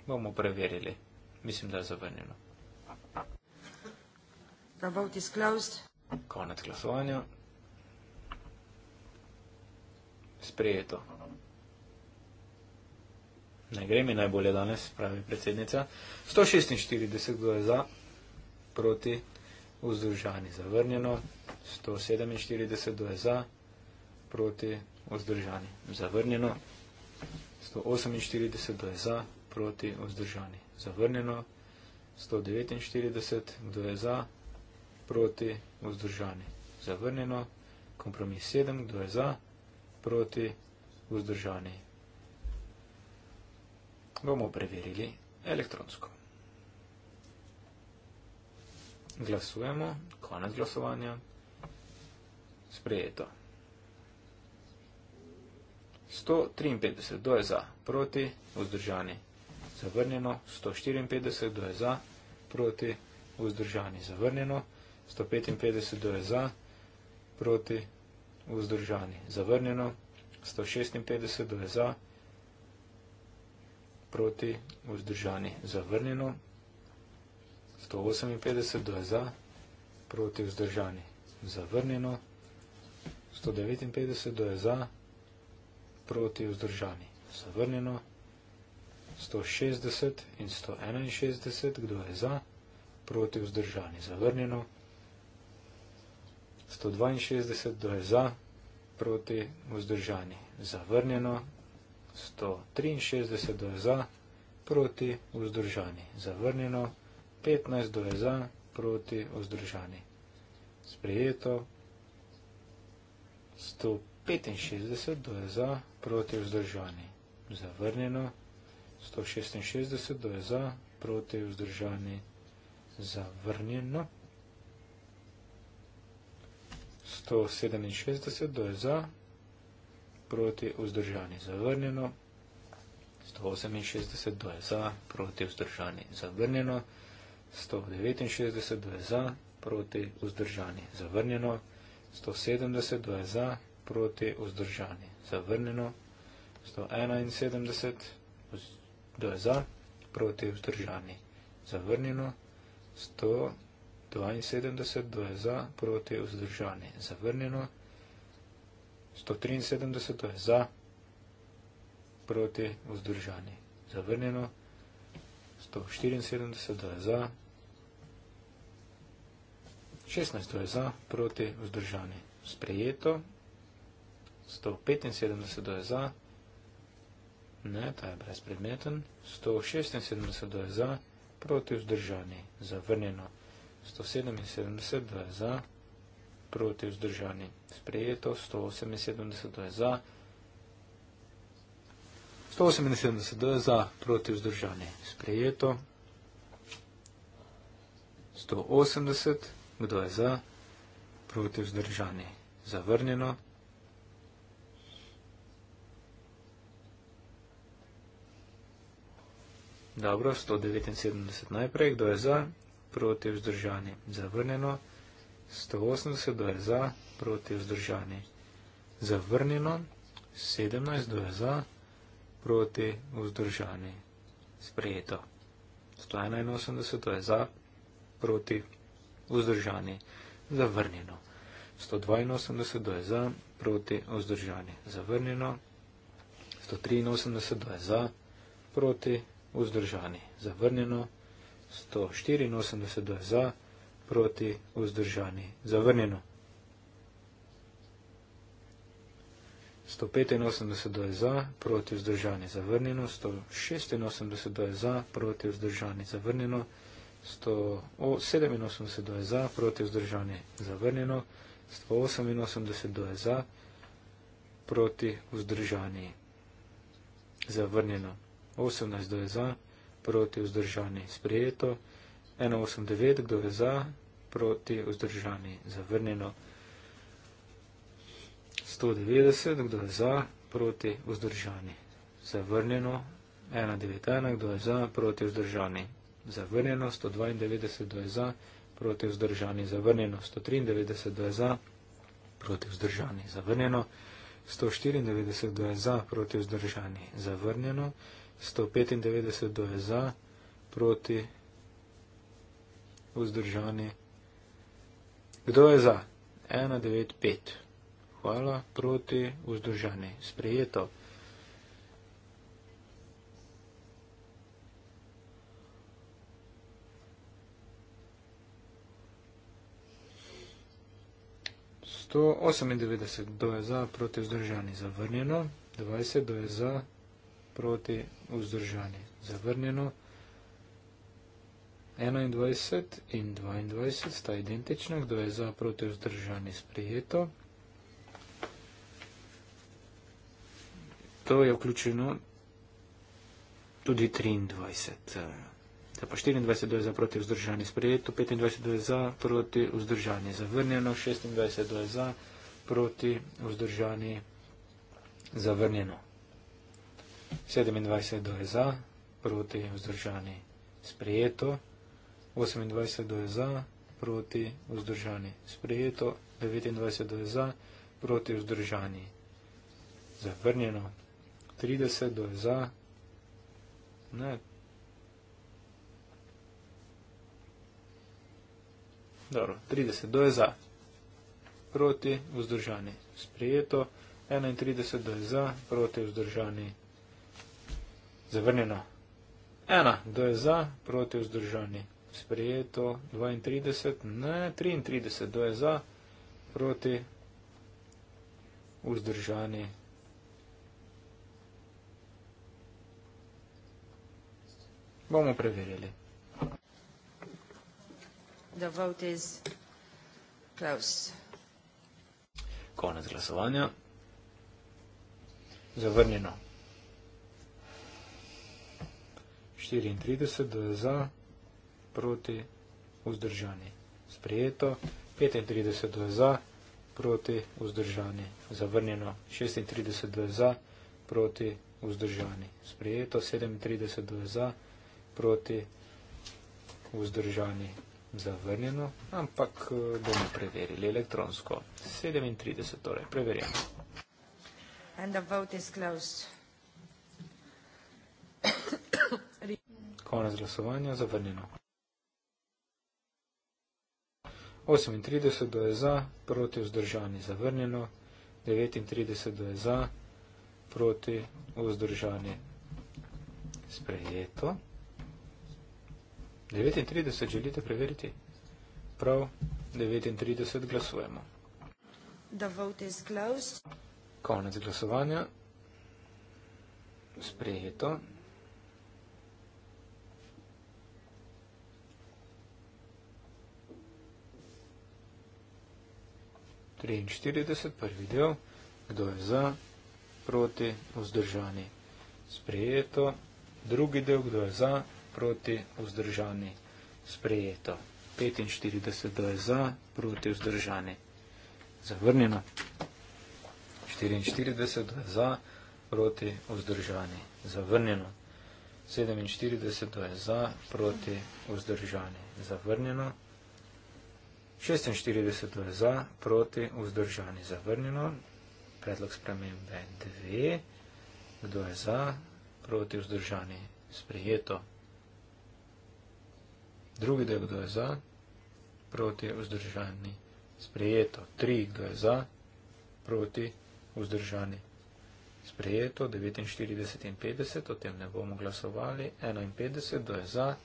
Bomo preverili. Mislim, da je zavrnjeno. Konec glasovanja. Sprejeto. Ne gre mi najbolje danes, pravi predsednica. 146 do je za, proti, vzdržani, zavrnjeno. 147 do je za, proti, vzdržani proti vzdržani. Zavrnjeno. 148, kdo je za, proti vzdržani. Zavrnjeno. 149, kdo je za, proti vzdržani. Zavrnjeno. Kompromis 7, kdo je za, proti vzdržani. Bomo preverili elektronsko. Glasujemo, konec glasovanja, sprejeto. 153, kdo je za, proti, vzdržani, zavrnjeno, 154, kdo je za, proti, vzdržani, zavrnjeno, 155, kdo je za, proti, vzdržani, zavrnjeno, 156, kdo je za, proti, vzdržani, zavrnjeno, 158, kdo je za, proti, vzdržani, zavrnjeno, 159, kdo je za, proti, vzdržani, zavrnjeno, proti vzdržani. Zavrnjeno 160 in 161, kdo je za, proti vzdržani. Zavrnjeno 162, kdo je za, proti vzdržani. Zavrnjeno 163, kdo je za, proti vzdržani. Zavrnjeno 15, kdo je za, proti vzdržani. Sprejeto 100. 65 do je za, proti vzdržani, zavrnjeno. 166 do je za, proti vzdržani, zavrnjeno. 167 do je za, proti vzdržani, zavrnjeno. 168 do je za, proti vzdržani, zavrnjeno. 169 do je za, proti vzdržani, zavrnjeno. 170 do je za, proti vzdržani. Zavrnjeno 171, kdo je za, proti vzdržani. Zavrnjeno 172, kdo je za, proti vzdržani. Zavrnjeno 173, kdo je za, proti vzdržani. Zavrnjeno 174, kdo je za, 16 je za, proti vzdržani. Sprejeto 175 do je za. Ne, ta je brezpredmeten. 176 do je za. Proti vzdržani. Zavrnjeno. 177 do je za. Proti vzdržani. Sprejeto. 178 do je za. 178 do je za. Proti vzdržani. Sprejeto. 180. Kdo je za? Proti vzdržani. Zavrnjeno. Dobro, 179 najprej, kdo je za, proti vzdržani, zavrnjeno. 180, kdo je za, proti vzdržani, zavrnjeno. 17, kdo je za, proti vzdržani, sprejeto. 181, kdo je za, proti vzdržani, zavrnjeno. 182, kdo je za, proti vzdržani, zavrnjeno. 183, kdo je za, proti vzdržani vzdržani. Zavrnjeno 184 za, proti vzdržani. Zavrnjeno. 185 do je za, proti vzdržani zavrnjeno, 186 do je za, proti vzdržani zavrnjeno, 187 do je za, proti vzdržani zavrnjeno, 188 do je za, proti vzdržani zavrnjeno. 187, 18, kdo je za, proti vzdržani, sprejeto, 189, kdo je za, proti vzdržani, zavrnjeno, 190, kdo je za, proti vzdržani, zavrnjeno, 191, kdo je za, proti vzdržani, zavrnjeno, 192, kdo je za, proti vzdržani, zavrnjeno, 193, kdo je za, proti vzdržani, zavrnjeno, 194, kdo je za, proti vzdržani, zavrnjeno, 195 do je za, proti, vzdržani. Kdo je za? 195. Hvala, proti, vzdržani. Sprejeto. To 98 do je za, proti vzdržani, zavrnjeno, 20 do je za, proti vzdržani. Zavrnjeno 21 in 22 sta identična, kdo je za proti vzdržani sprijeto. To je vključeno tudi 23. Eh, da pa 24 je za proti vzdržani sprejeto, 25 je za proti vzdržani zavrnjeno, 26 je za proti vzdržani zavrnjeno. 27 do je za, proti je vzdržani sprejeto, 28 do je za, proti vzdržani sprejeto, 29 do je za, proti vzdržani zavrnjeno, 30 do je za, ne, Dobro, 30 do je za, proti, vzdržani, sprijeto, 31 do je za, proti, vzdržani, sprijeto. Zavrnjeno. Ena. Kdo je za? Proti vzdržani. Sprejeto. 32. Ne, 33. Kdo je za? Proti vzdržani. Bomo preverili. Konec glasovanja. Zavrnjeno. 34 za, proti vzdržani. Sprejeto. 35 za, proti vzdržani. Zavrnjeno. 36 za, proti vzdržani. Sprejeto. 37 za, proti vzdržani. Zavrnjeno. Ampak eh, bomo preverili elektronsko. 37 torej. Preverjamo. And the vote is closed. Konec glasovanja zavrnjeno. 38 do je za, proti vzdržani zavrnjeno, 39 do je za, proti vzdržani sprejeto. 39 želite preveriti? Prav, 39 glasujemo. The vote is closed. Konec glasovanja. Sprejeto. 43, prvi del, kdo je za, proti, vzdržani, sprejeto, drugi del, kdo je za, proti, vzdržani, sprejeto, 45, kdo je za, proti, vzdržani, zavrnjeno, 44, kdo je za, proti, vzdržani, zavrnjeno, 47, kdo je za, proti, vzdržani, zavrnjeno, 47, 46 je za, proti, vzdržani, zavrnjeno. Predlog spremembe 2. Kdo je za, proti, vzdržani, sprejeto. Drugi del, kdo je za, proti, vzdržani, sprejeto. Tri, kdo je za, proti, vzdržani. Sprejeto 49 in 50, o tem ne bomo glasovali. 51, kdo je za,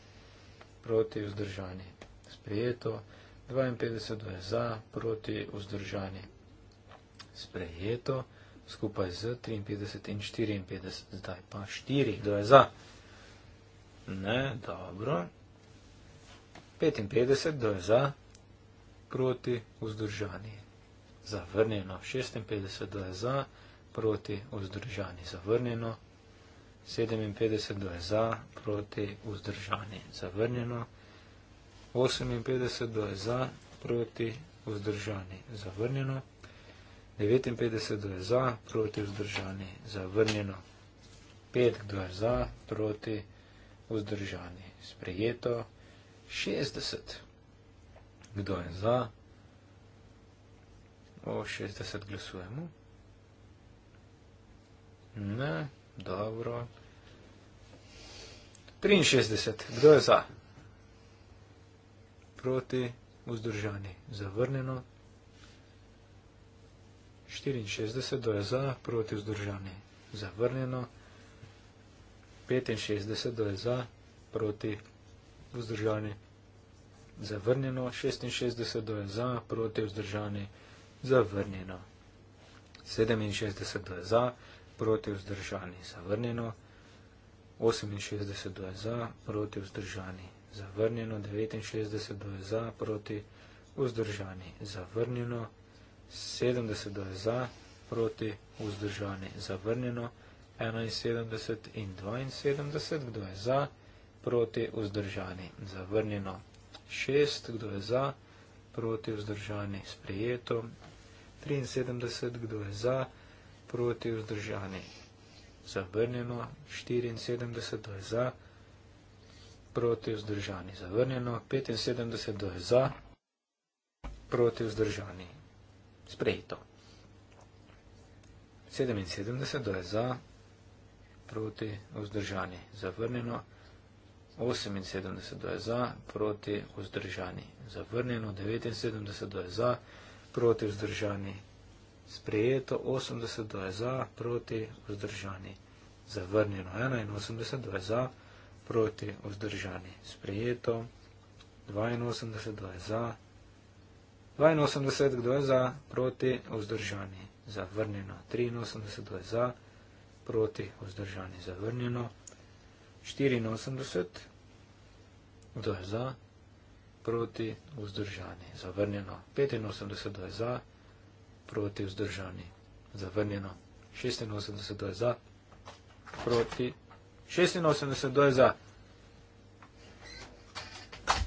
proti, vzdržani. Sprejeto 49. 52 je za, proti vzdržani. Sprejeto skupaj z 53 in 54. Zdaj pa 4, kdo je za. Ne, dobro. 55, kdo je za, proti vzdržani. Zavrnjeno. 56, kdo je za, proti vzdržani. Zavrnjeno. 57, kdo je za, proti vzdržani. Zavrnjeno. 58 je za, proti vzdržani, zavrnjeno. 59 je za, proti vzdržani, zavrnjeno. 5 je za, proti vzdržani, sprejeto. 60. Kdo je za? O 60 glasujemo. Ne, dobro. 63. Kdo je za? proti, vzdržani, zavrnjeno. 64, do je za, proti, vzdržani, zavrnjeno. 65, do je za, proti, vzdržani, zavrnjeno. 66, do je za, proti, vzdržani, zavrnjeno. 67, do je za, proti, vzdržani, zavrnjeno. 68, do je za, proti, vzdržani, zavrnjeno zavrnjeno, 69 do je za, proti, vzdržani, zavrnjeno, 70 do je za, proti, vzdržani, zavrnjeno, 71 in 72, kdo je za, proti, vzdržani, zavrnjeno, 6, kdo je za, proti, vzdržani, sprejeto, 73, kdo je za, proti, vzdržani, zavrnjeno, 74, kdo je za, proti, vzdržani, proti vzdržani zavrnjeno, 75 do je za, proti vzdržani sprejeto. 77 do je za, proti vzdržani zavrnjeno, 78 do je za, proti vzdržani zavrnjeno, 79 do je za, proti vzdržani sprejeto, 80 do je za, proti vzdržani zavrnjeno, 81 do je za, proti vzdržani sprejeto proti, vzdržani, sprejeto, 82, kdo je za, 82, kdo je za, proti, vzdržani, zavrnjeno, 83, kdo je za, proti, vzdržani, zavrnjeno, 84, kdo je za, proti, vzdržani, zavrnjeno, 85, kdo je za, proti, vzdržani, zavrnjeno, 86, kdo je za, proti, vzdržani, 86 kdo je za?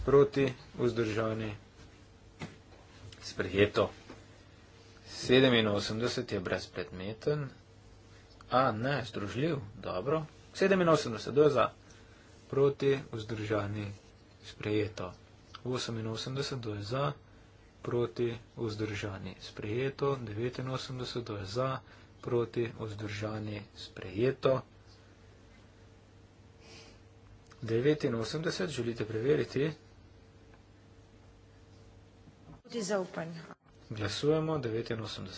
Proti, vzdržani, sprejeto. 87 je brezpredmeten. A, ne, združljiv, dobro. 87 kdo je za? Proti, vzdržani, sprejeto. 88 kdo je za? Proti, vzdržani, sprejeto. 89 kdo je za? Proti, vzdržani, sprejeto. 89, želite preveriti? Vote is open. Glasujemo 89.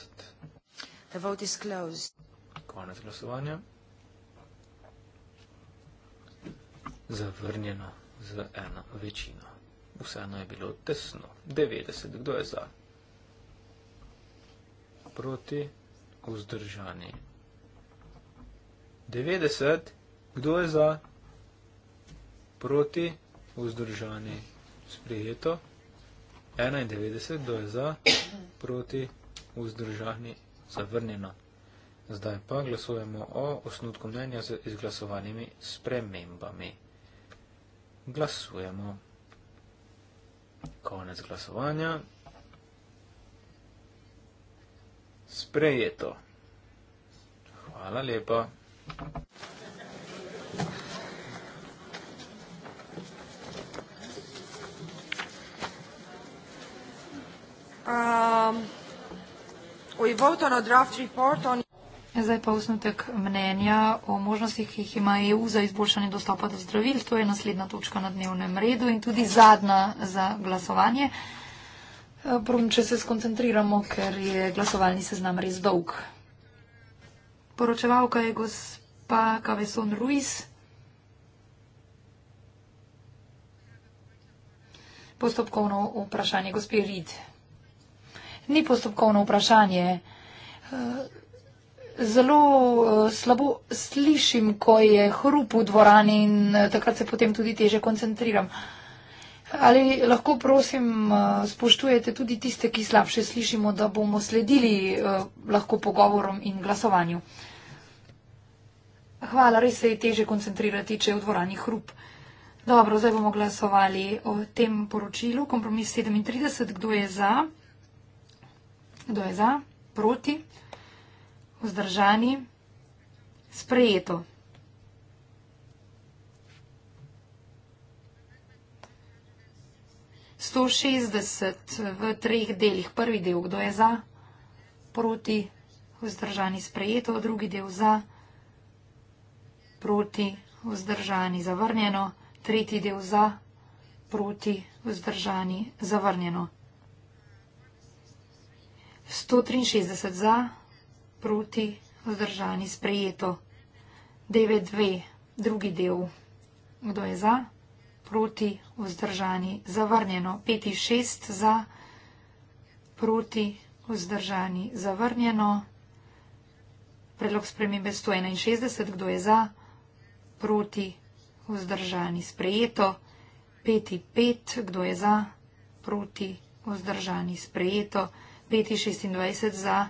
The vote is closed. Konec glasovanja. Zavrnjeno z eno večino. Vseeno je bilo tesno. 90, kdo je za? Proti vzdržani. 90, kdo je za? Proti vzdržani proti, vzdržani, sprijeto. 91, kdo je za, proti, vzdržani, zavrnjeno. Zdaj pa glasujemo o osnutku mnenja z izglasovanimi spremembami. Glasujemo. Konec glasovanja. Sprejeto. Hvala lepa. Um, Zdaj pa usnutek mnenja o možnostih, ki jih ima EU za izboljšanje dostopa do zdravil. To je naslednja točka na dnevnem redu in tudi zadnja za glasovanje. Prvo, e, če se skoncentriramo, ker je glasovalni seznam res dolg. Poročevalka je gospa Kaveson Ruiz. Postopkovno vprašanje gospe Reid ni postopkovno vprašanje. Eh, zelo eh, slabo slišim, ko je hrup v dvorani in eh, takrat se potem tudi teže koncentriram. Ali lahko prosim spoštujete tudi tiste, ki slabše slišimo, da bomo sledili lahko pogovorom in glasovanju? Hvala, res se je teže koncentrirati, če je v dvorani hrup. Dobro, zdaj bomo glasovali o tem poročilu. Kompromis 37, kdo je za? Kdo je za? Proti? Vzdržani? Sprejeto. Sto šestdeset v treh delih. Prvi del, kdo je za? Proti? Vzdržani? Sprejeto. Drugi del za? Proti? Vzdržani? Zavrnjeno. Tretji del za? Proti? Vzdržani? Zavrnjeno. 163 za, proti, vzdržani, sprejeto. 9.2, drugi del. Kdo je za, proti, vzdržani, zavrnjeno. 5.6 za, proti, vzdržani, zavrnjeno. Predlog spremembe 161, kdo je za, proti, vzdržani, sprejeto. 5.5, kdo je za, proti, vzdržani, sprejeto. 26 za,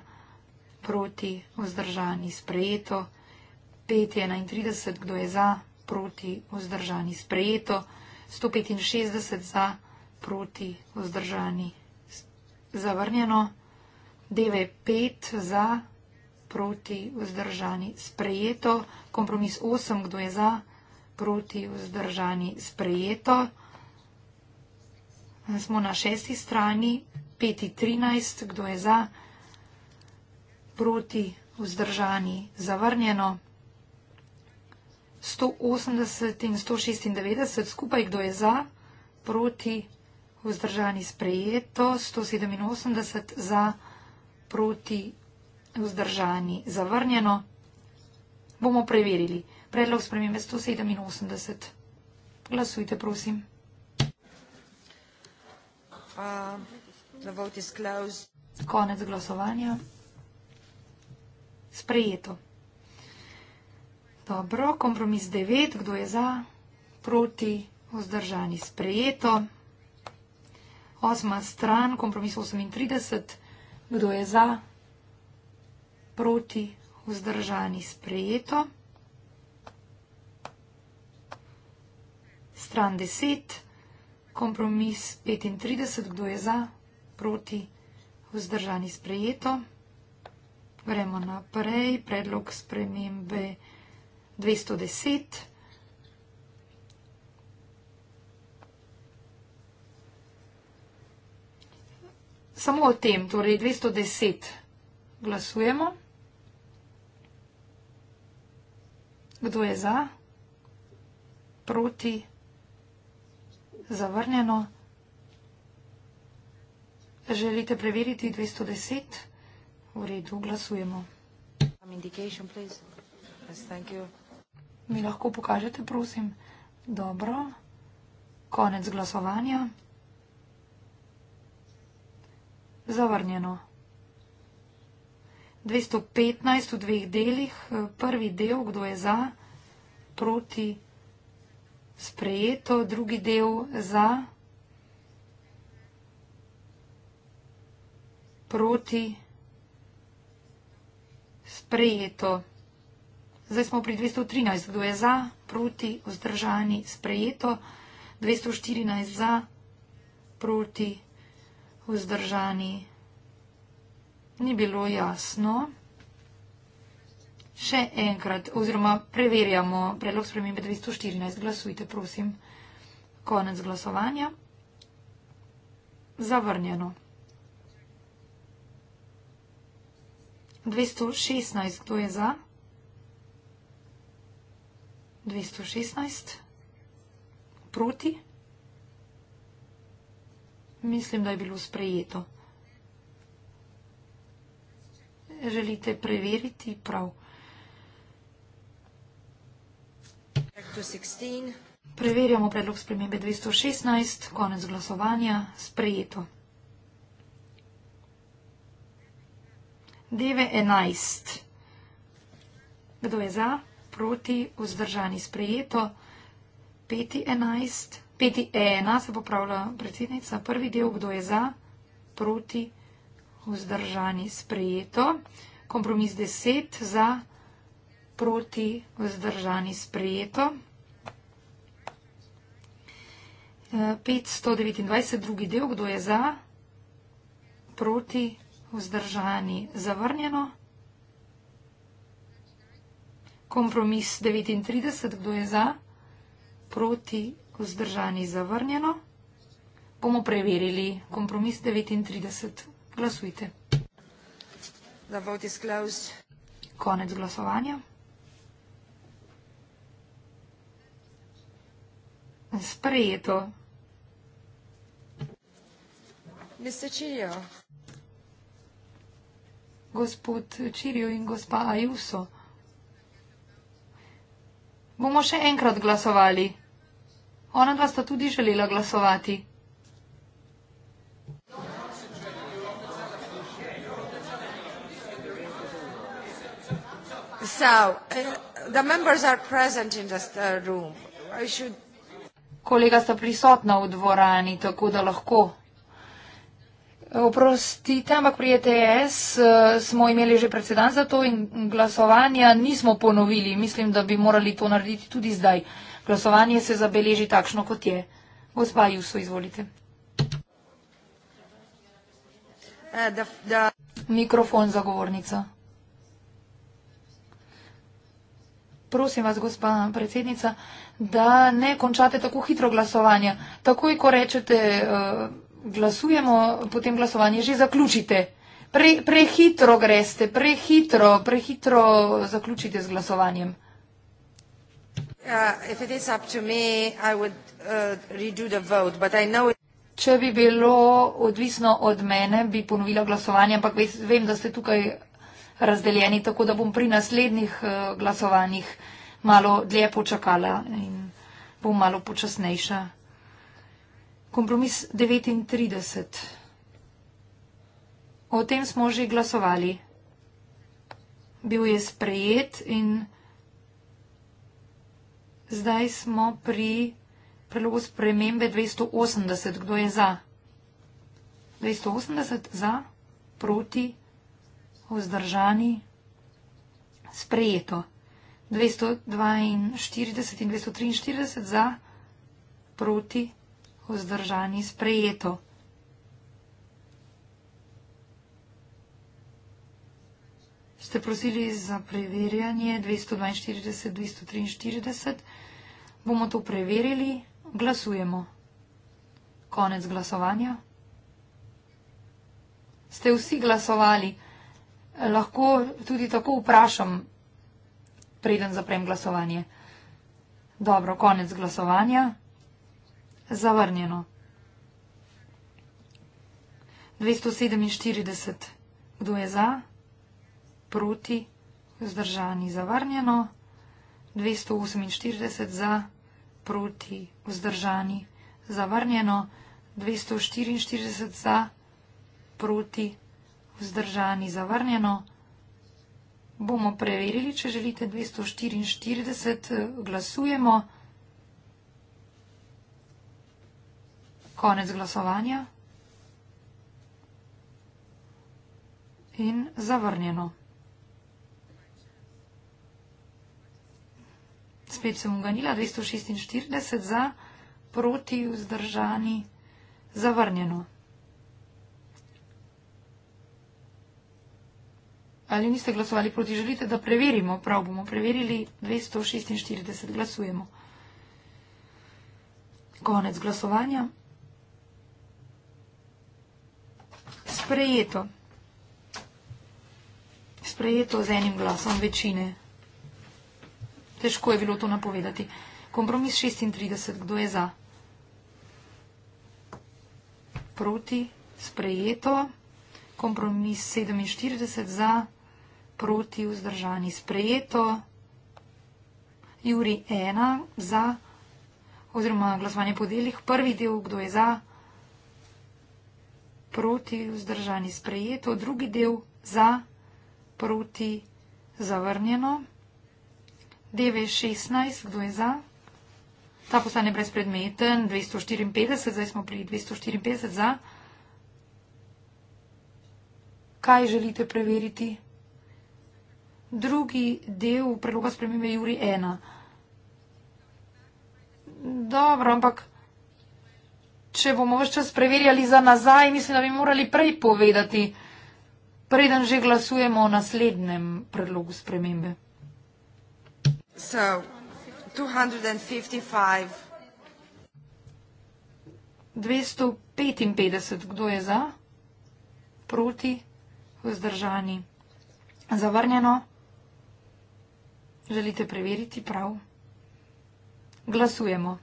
proti, vzdržani, sprejeto. 531, kdo je za, proti, vzdržani, sprejeto. 165 za, proti, vzdržani, zavrnjeno. 95 za, proti, vzdržani, sprejeto. Kompromis 8, kdo je za, proti, vzdržani, sprejeto. Smo na šesti strani, 5 in 13, kdo je za, proti, vzdržani, zavrnjeno. 180 in 196, skupaj kdo je za, proti, vzdržani, sprejeto. 187 za, proti, vzdržani, zavrnjeno. Bomo preverili. Predlog spremembe 187. Glasujte, prosim. Uh. The vote is closed. Konec glasovanja. Sprejeto. Dobro, kompromis 9. Kdo je za? Proti? Vzdržani? Sprejeto. Osma stran, kompromis 38. Kdo je za? Proti? Vzdržani? Sprejeto. Stran 10, kompromis 35, kdo je za? proti vzdržani sprejeto. Gremo naprej. Predlog spremembe 210. Samo o tem, torej 210 glasujemo. Kdo je za? Proti? Zavrnjeno? Zavrnjeno? Želite preveriti 210? V redu, glasujemo. Mi lahko pokažete, prosim. Dobro. Konec glasovanja. Zavrnjeno. 215 v dveh delih. Prvi del, kdo je za, proti, sprejeto. Drugi del za. proti sprejeto. Zdaj smo pri 213. Kdo je za, proti, vzdržani, sprejeto. 214 za, proti, vzdržani. Ni bilo jasno. Še enkrat, oziroma preverjamo predlog spremembe 214. Glasujte, prosim. Konec glasovanja. Zavrnjeno. 216, kdo je za? 216. Proti? Mislim, da je bilo sprejeto. Želite preveriti prav? Preverjamo predlog spremembe 216, konec glasovanja, sprejeto. devetnajst. Kdo je za, proti, vzdržani, sprejeto? Peti enajst, peti ena se popravlja predsednica, prvi del, kdo je za, proti, vzdržani, sprejeto. Kompromis deset za, proti, vzdržani, sprejeto. 529, eh, drugi del, kdo je za, proti, vzdržani zavrnjeno. Kompromis 39, kdo je za, proti vzdržani zavrnjeno. Bomo preverili kompromis 39. Glasujte. The vote is closed. Konec glasovanja. Sprejeto. Mr. Chilio gospod Čirjo in gospa Ajuso. Bomo še enkrat glasovali. Ona dva sta tudi želela glasovati. So, uh, Kolega sta prisotna v dvorani, tako da lahko. Oprostite, ampak pri ETS eh, smo imeli že predsedan za to in glasovanja nismo ponovili. Mislim, da bi morali to narediti tudi zdaj. Glasovanje se zabeleži takšno, kot je. Gospa Juso, izvolite. Eh, Mikrofon za govornico. Prosim vas, gospa predsednica, da ne končate tako hitro glasovanja. Takoj, ko rečete. Uh, glasujemo, potem glasovanje že zaključite. Pre, prehitro greste, prehitro, prehitro zaključite z glasovanjem. Uh, Če bi bilo odvisno od mene, bi ponovila glasovanje, ampak vem, da ste tukaj razdeljeni, tako da bom pri naslednjih uh, glasovanjih malo dlje počakala in bom malo počasnejša. Kompromis 39. O tem smo že glasovali. Bil je sprejet in zdaj smo pri prelogu spremembe 280. Kdo je za? 280 za, proti, vzdržani, sprejeto. 242 in 243 za, proti vzdržani sprejeto. Ste prosili za preverjanje 242-243? Bomo to preverili. Glasujemo. Konec glasovanja. Ste vsi glasovali? Lahko tudi tako vprašam, preden zaprem glasovanje. Dobro, konec glasovanja zavrnjeno. 247, kdo je za, proti, vzdržani, zavrnjeno. 248 za, proti, vzdržani, zavrnjeno. 244 za, proti, vzdržani, zavrnjeno. Bomo preverili, če želite 244, glasujemo. Konec glasovanja. In zavrnjeno. Spet sem uganila 246 za, proti vzdržani, zavrnjeno. Ali niste glasovali proti, želite, da preverimo? Prav bomo preverili 246, glasujemo. Konec glasovanja. sprejeto. Sprejeto z enim glasom večine. Težko je bilo to napovedati. Kompromis 36, kdo je za? Proti, sprejeto. Kompromis 47 za, proti, vzdržani. Sprejeto. Juri 1 za, oziroma glasovanje po delih. Prvi del, kdo je za? proti, vzdržani sprejeto, drugi del za, proti, zavrnjeno. DV16, kdo je za? Ta postane brezpredmeten, 254, zdaj smo pri 254 za. Kaj želite preveriti? Drugi del predloga spremembe Juri 1. Dobro, ampak če bomo vse čas preverjali za nazaj, mislim, da bi morali prej povedati, preden že glasujemo o naslednjem predlogu spremembe. So, Dvesto petinpetdeset, kdo je za, proti, vzdržani, zavrnjeno. Želite preveriti prav? Glasujemo.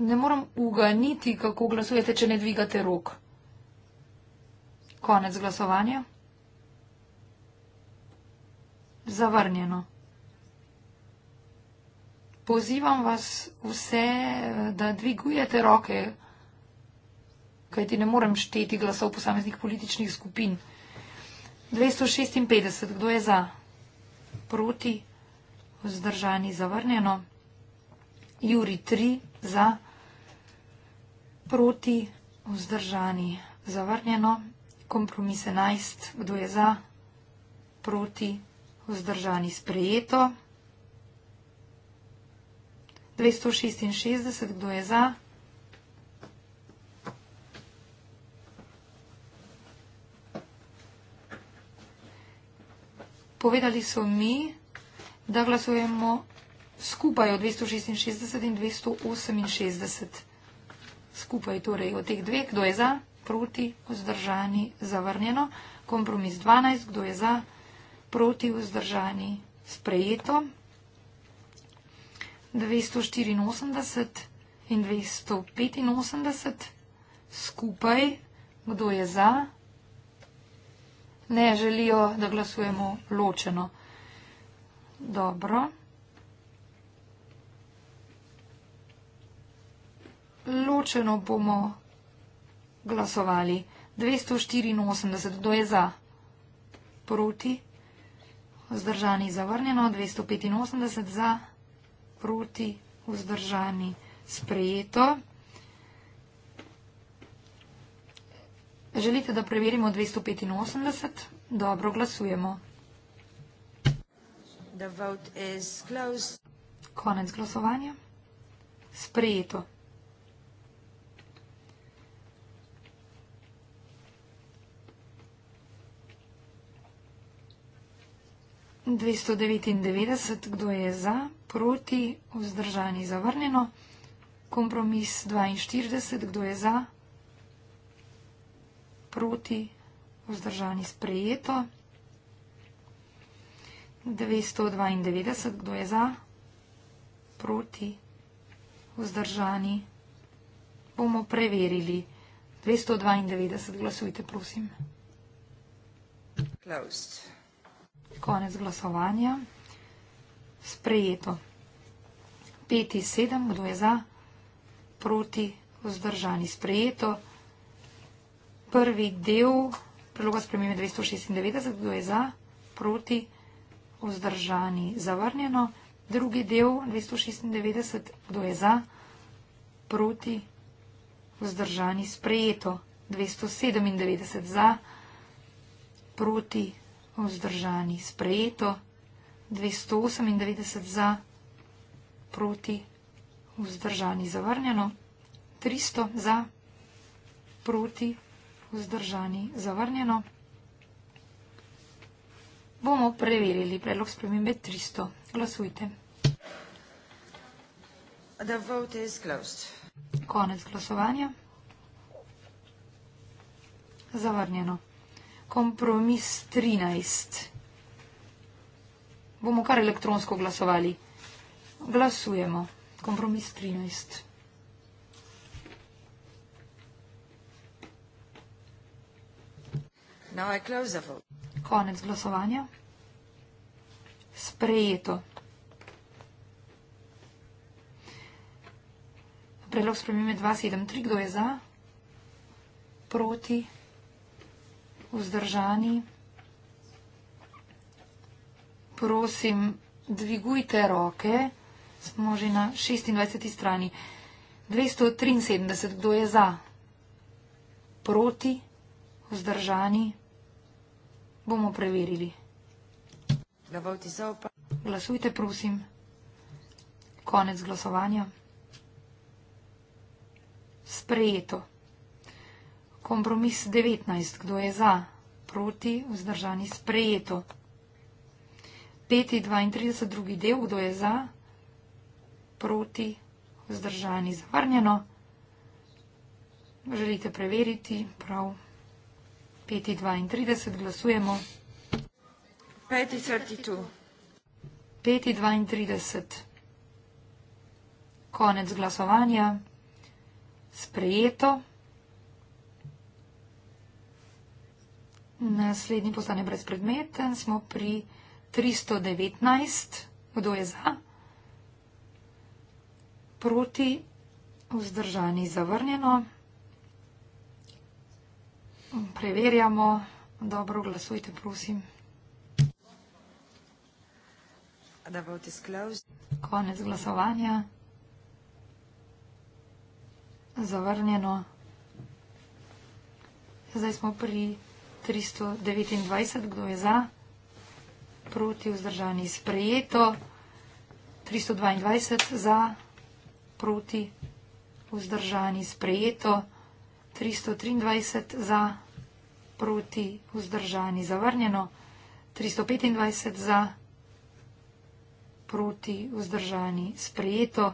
ne morem uganiti, kako glasujete, če ne dvigate rok. Konec glasovanja. Zavrnjeno. Pozivam vas vse, da dvigujete roke, kajti ne morem šteti glasov posameznih političnih skupin. 256, kdo je za? Proti, vzdržani, zavrnjeno. Juri 3, za proti, vzdržani, zavrnjeno, kompromis 11, kdo je za, proti, vzdržani, sprejeto, 266, kdo je za, Povedali so mi, da glasujemo skupaj o 266 in 268 skupaj torej od teh dveh, kdo je za, proti, vzdržani, zavrnjeno. Kompromis 12, kdo je za, proti, vzdržani, sprejeto. 284 in 285 skupaj, kdo je za, ne želijo, da glasujemo ločeno. Dobro. ločeno bomo glasovali. 284, kdo je za? Proti? Vzdržani zavrnjeno, 285 za, proti, vzdržani sprejeto. Želite, da preverimo 285? Dobro, glasujemo. Konec glasovanja. Sprejeto. 299, kdo je za, proti, vzdržani, zavrnjeno. Kompromis 42, kdo je za, proti, vzdržani, sprejeto. 292, kdo je za, proti, vzdržani, bomo preverili. 292, glasujte, prosim. Closed. Konec glasovanja. Sprejeto. 5 iz 7, kdo je za, proti, vzdržani. Sprejeto. Prvi del predloga spremembe 296, kdo je za, proti, vzdržani. Zavrnjeno. Drugi del 296, kdo je za, proti, vzdržani. Sprejeto. 297 za, proti, vzdržani vzdržani. Sprejeto 298 za, proti vzdržani. Zavrnjeno 300 za, proti vzdržani. Zavrnjeno. Bomo preverili predlog spremembe 300. Glasujte. The vote is closed. Konec glasovanja. Zavrnjeno. Kompromis 13. Bomo kar elektronsko glasovali. Glasujemo. Kompromis 13. Konec glasovanja. Sprejeto. Predlog spremembe 273. Kdo je za? Proti vzdržani. Prosim, dvigujte roke. Smo že na 26. strani. 273. Kdo je za? Proti? Vzdržani? Bomo preverili. Glasujte, prosim. Konec glasovanja. Sprejeto. Kompromis 19. Kdo je za? Proti vzdržani sprejeto. 5.32. Drugi del. Kdo je za? Proti vzdržani zavrnjeno. Želite preveriti? Prav. 5.32. Glasujemo. 5.32. Konec glasovanja. Sprejeto. Naslednji postane brezpredmeten. Smo pri 319. Kdo je za? Proti. Vzdržani zavrnjeno. Preverjamo. Dobro, glasujte, prosim. Konec glasovanja. Zavrnjeno. Zdaj smo pri 319. 329, kdo je za, proti vzdržani sprejeto, 322 za, proti vzdržani sprejeto, 323 za, proti vzdržani zavrnjeno, 325 za, proti vzdržani sprejeto,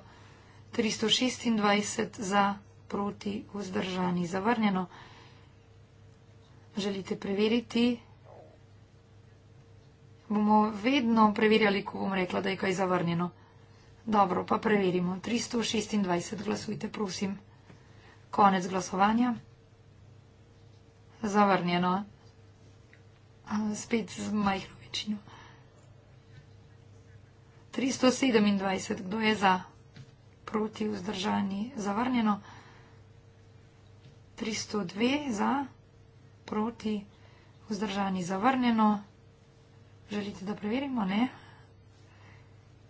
326 za, proti vzdržani zavrnjeno, želite preveriti, bomo vedno preverjali, ko bom rekla, da je kaj zavrnjeno. Dobro, pa preverimo. 326 glasujte, prosim. Konec glasovanja. Zavrnjeno. Spet z majhno večino. 327, kdo je za? Proti vzdržani, zavrnjeno. 302 za proti, vzdržani zavrnjeno. Želite, da preverimo, ne?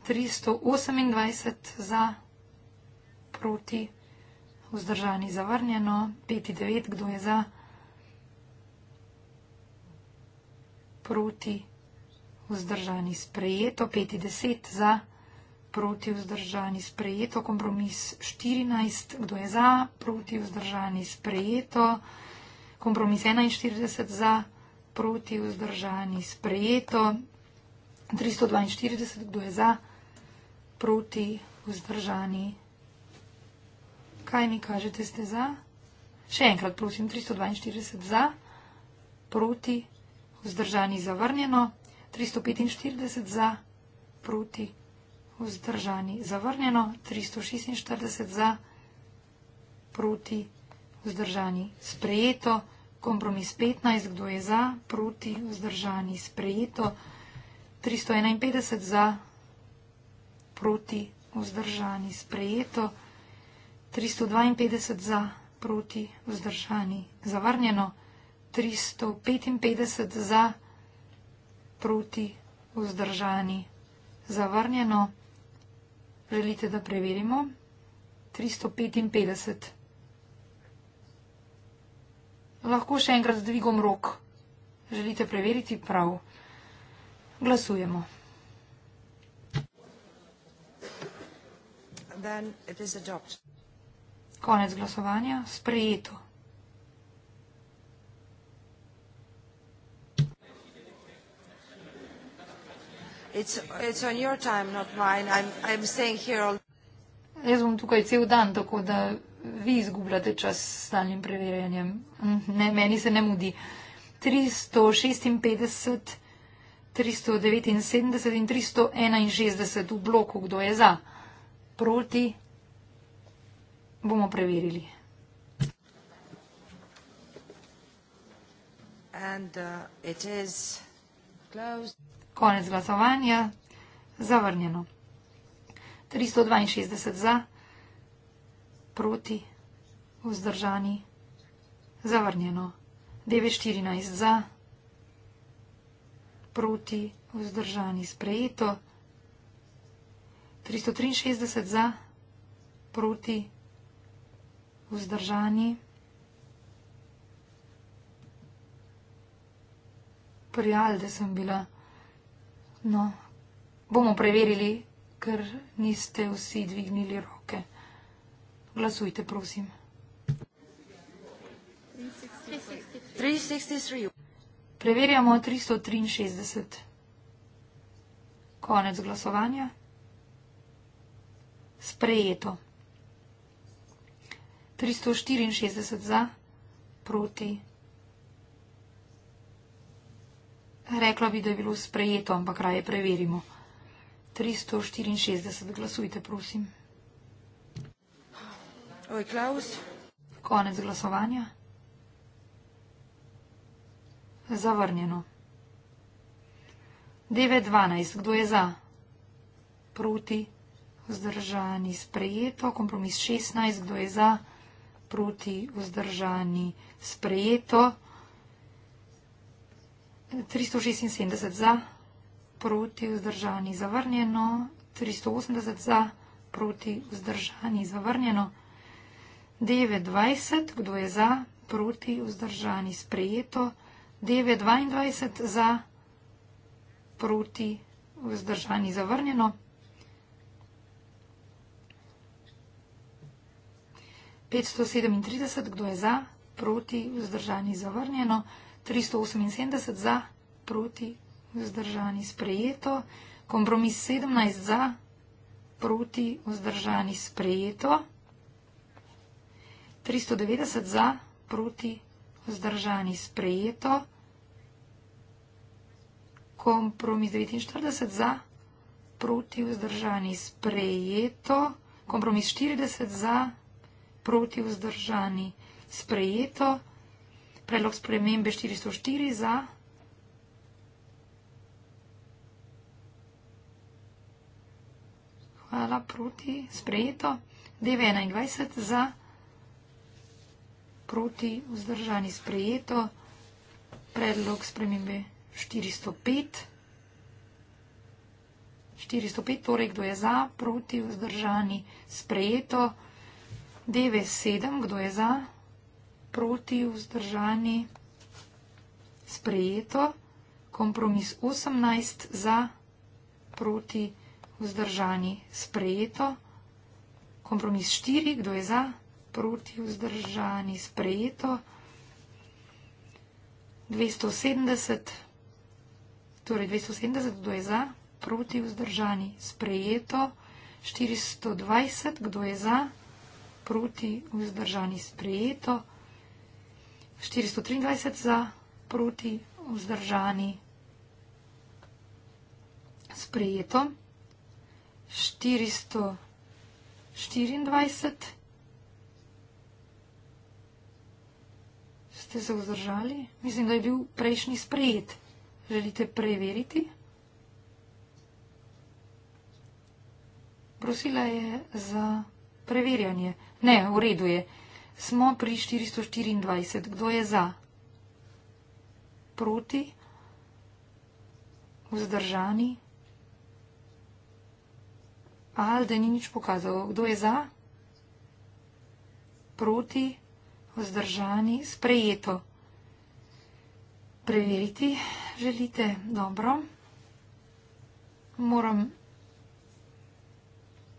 328 za, proti, vzdržani zavrnjeno, 59, kdo je za, proti, vzdržani sprejeto, 50 za, proti, vzdržani sprejeto, kompromis 14, kdo je za, proti, vzdržani sprejeto, kompromis 41 za, proti vzdržani sprejeto. 342, kdo je za, proti vzdržani. Kaj mi kažete, ste za? Še enkrat, prosim, 342 za, proti vzdržani zavrnjeno. 345 za, proti vzdržani zavrnjeno. 346 za, proti vzdržani vzdržani. Sprejeto. Kompromis 15. Kdo je za? Proti. Vzdržani. Sprejeto. 351 za. Proti. Vzdržani. Sprejeto. 352 za. Proti. Vzdržani. Zavrnjeno. 355 za. Proti. Vzdržani. Zavrnjeno. Želite, da preverimo? 355. Lahko še enkrat dvigom rok. Želite preveriti prav? Glasujemo. Konec glasovanja. Sprejeto. Jaz bom tukaj cel dan, tako da vi izgubljate čas s stalnim preverjanjem. Mm, ne, meni se ne mudi. 356, 379 in 361 v bloku, kdo je za. Proti bomo preverili. And, uh, Konec glasovanja. Zavrnjeno. 362 za proti, vzdržani, zavrnjeno. 914 za, proti, vzdržani, sprejeto. 363 za, proti, vzdržani. Prijali, da sem bila. No, bomo preverili, ker niste vsi dvignili roke. Glasujte, prosim. 363. Preverjamo 363. Konec glasovanja. Sprejeto. 364 za, proti. Rekla bi, da je bilo sprejeto, ampak raje preverimo. 364 glasujte, prosim. 363. Klaus. Konec glasovanja. Zavrnjeno. 9.12. Kdo je za? Proti. Vzdržani sprejeto. Kompromis 16. Kdo je za? Proti. Vzdržani sprejeto. 376 za. Proti. Vzdržani zavrnjeno. 380 za. Proti. Vzdržani zavrnjeno. 29, kdo je za, proti, vzdržani, sprejeto. 922 za, proti, vzdržani, zavrnjeno. 537, kdo je za, proti, vzdržani, zavrnjeno. 378 za, proti, vzdržani, sprejeto. Kompromis 17 za, proti, vzdržani, sprejeto. 390 za, proti vzdržani sprejeto. Kompromis 49 za, proti vzdržani sprejeto. Kompromis 40 za, proti vzdržani sprejeto. Predlog spremembe 404 za. Hvala, proti, sprejeto. 9.21 za proti vzdržani sprejeto. Predlog spremembe 405. 405, torej kdo je za, proti vzdržani sprejeto. 97, kdo je za, proti vzdržani sprejeto. Kompromis 18 za, proti vzdržani sprejeto. Kompromis 4, kdo je za, proti vzdržani sprejeto. 270, torej 270, kdo je za, proti vzdržani sprejeto. 420, kdo je za, proti vzdržani sprejeto. 423 za, proti vzdržani sprejeto. 424. ste se vzdržali? Mislim, da je bil prejšnji sprejet. Želite preveriti? Prosila je za preverjanje. Ne, v redu je. Smo pri 424. Kdo je za? Proti? Vzdržani? Alde ni nič pokazal. Kdo je za? Proti? vzdržani, sprejeto. Preveriti želite dobro. Moram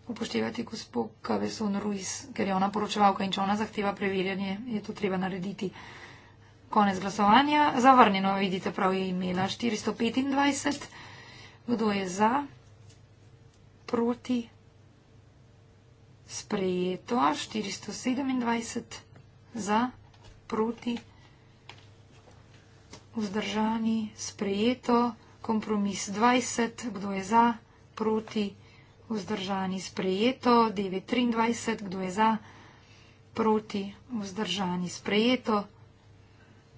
upoštevati gospo Kaveson Ruiz, ker je ona poročevalka in če ona zahteva preverjanje, je to treba narediti. Konec glasovanja. Zavrnjeno, vidite, prav je imela 425. Kdo je za? Proti? Sprejeto 427 za, proti, vzdržani, sprejeto, kompromis 20, kdo je za, proti, vzdržani, sprejeto, 9.23, kdo je za, proti, vzdržani, sprejeto,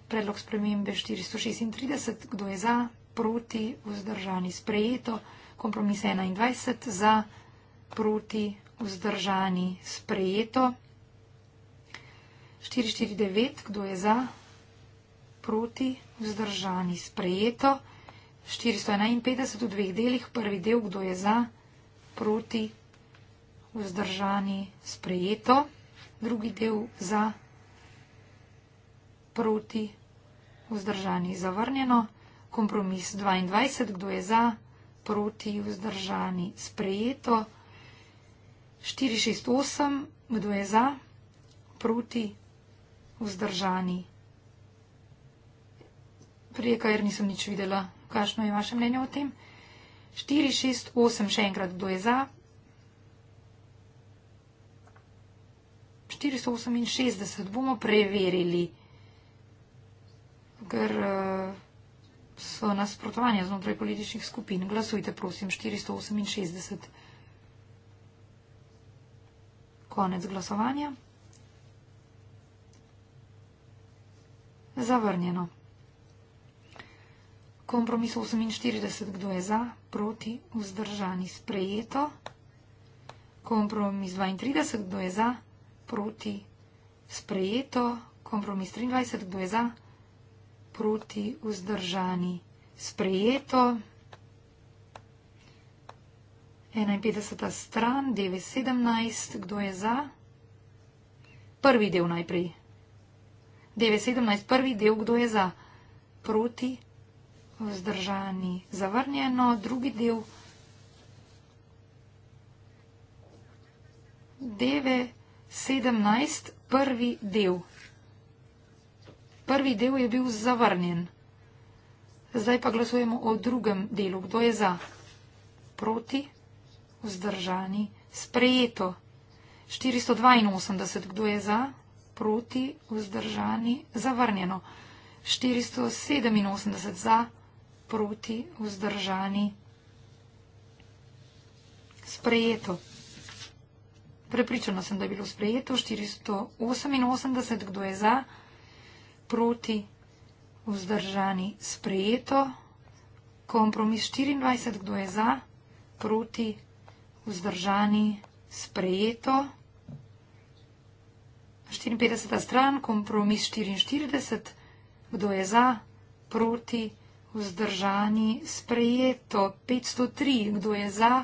predlog spremembe 436, kdo je za, proti, vzdržani, sprejeto, kompromis 21, za, proti, vzdržani, sprejeto. 4-4-9, kdo je za, proti, vzdržani, sprejeto. 451 v dveh delih, prvi del, kdo je za, proti, vzdržani, sprejeto. Drugi del za, proti, vzdržani, zavrnjeno. Kompromis 22, kdo je za, proti, vzdržani, sprejeto. 468, kdo je za, proti, vzdržani vzdržani. Prije, kar nisem nič videla, kakšno je vaše mnenje o tem. 4, 6, 8, še enkrat, kdo je za? 468 bomo preverili, ker eh, so nasprotovanja znotraj političnih skupin. Glasujte, prosim, 468. Konec glasovanja. Zavrnjeno. Kompromis 48, kdo je za, proti, vzdržani, sprejeto. Kompromis 32, kdo je za, proti, sprejeto. Kompromis 23, kdo je za, proti, vzdržani, sprejeto. 51. stran, 9.17, kdo je za? Prvi del najprej. 917, prvi del, kdo je za, proti, vzdržani, zavrnjeno, drugi del. 917, prvi del. Prvi del je bil zavrnjen. Zdaj pa glasujemo o drugem delu. Kdo je za? Proti? Vzdržani? Sprejeto. 482. Kdo je za? proti, vzdržani, zavrnjeno. 487 za, proti, vzdržani, sprejeto. Prepričano sem, da je bilo sprejeto. 488, kdo je za, proti, vzdržani, sprejeto. Kompromis 24, kdo je za, proti, vzdržani, sprejeto. 54. stran, kompromis 44, kdo je za, proti, vzdržani, sprejeto, 503, kdo je za,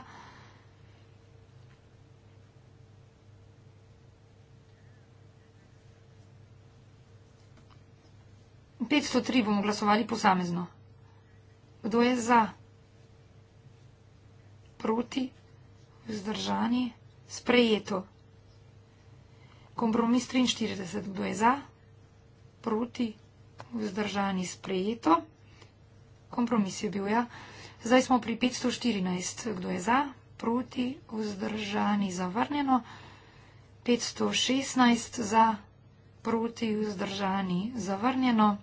Petsto tri bomo glasovali posamezno. Kdo je za? Proti? Vzdržani? Sprejeto kompromis 43 bo je za, proti, vzdržani sprejeto. Kompromis je bil, ja. Zdaj smo pri 514, kdo je za, proti, vzdržani, zavrnjeno. 516 za, proti, vzdržani, zavrnjeno.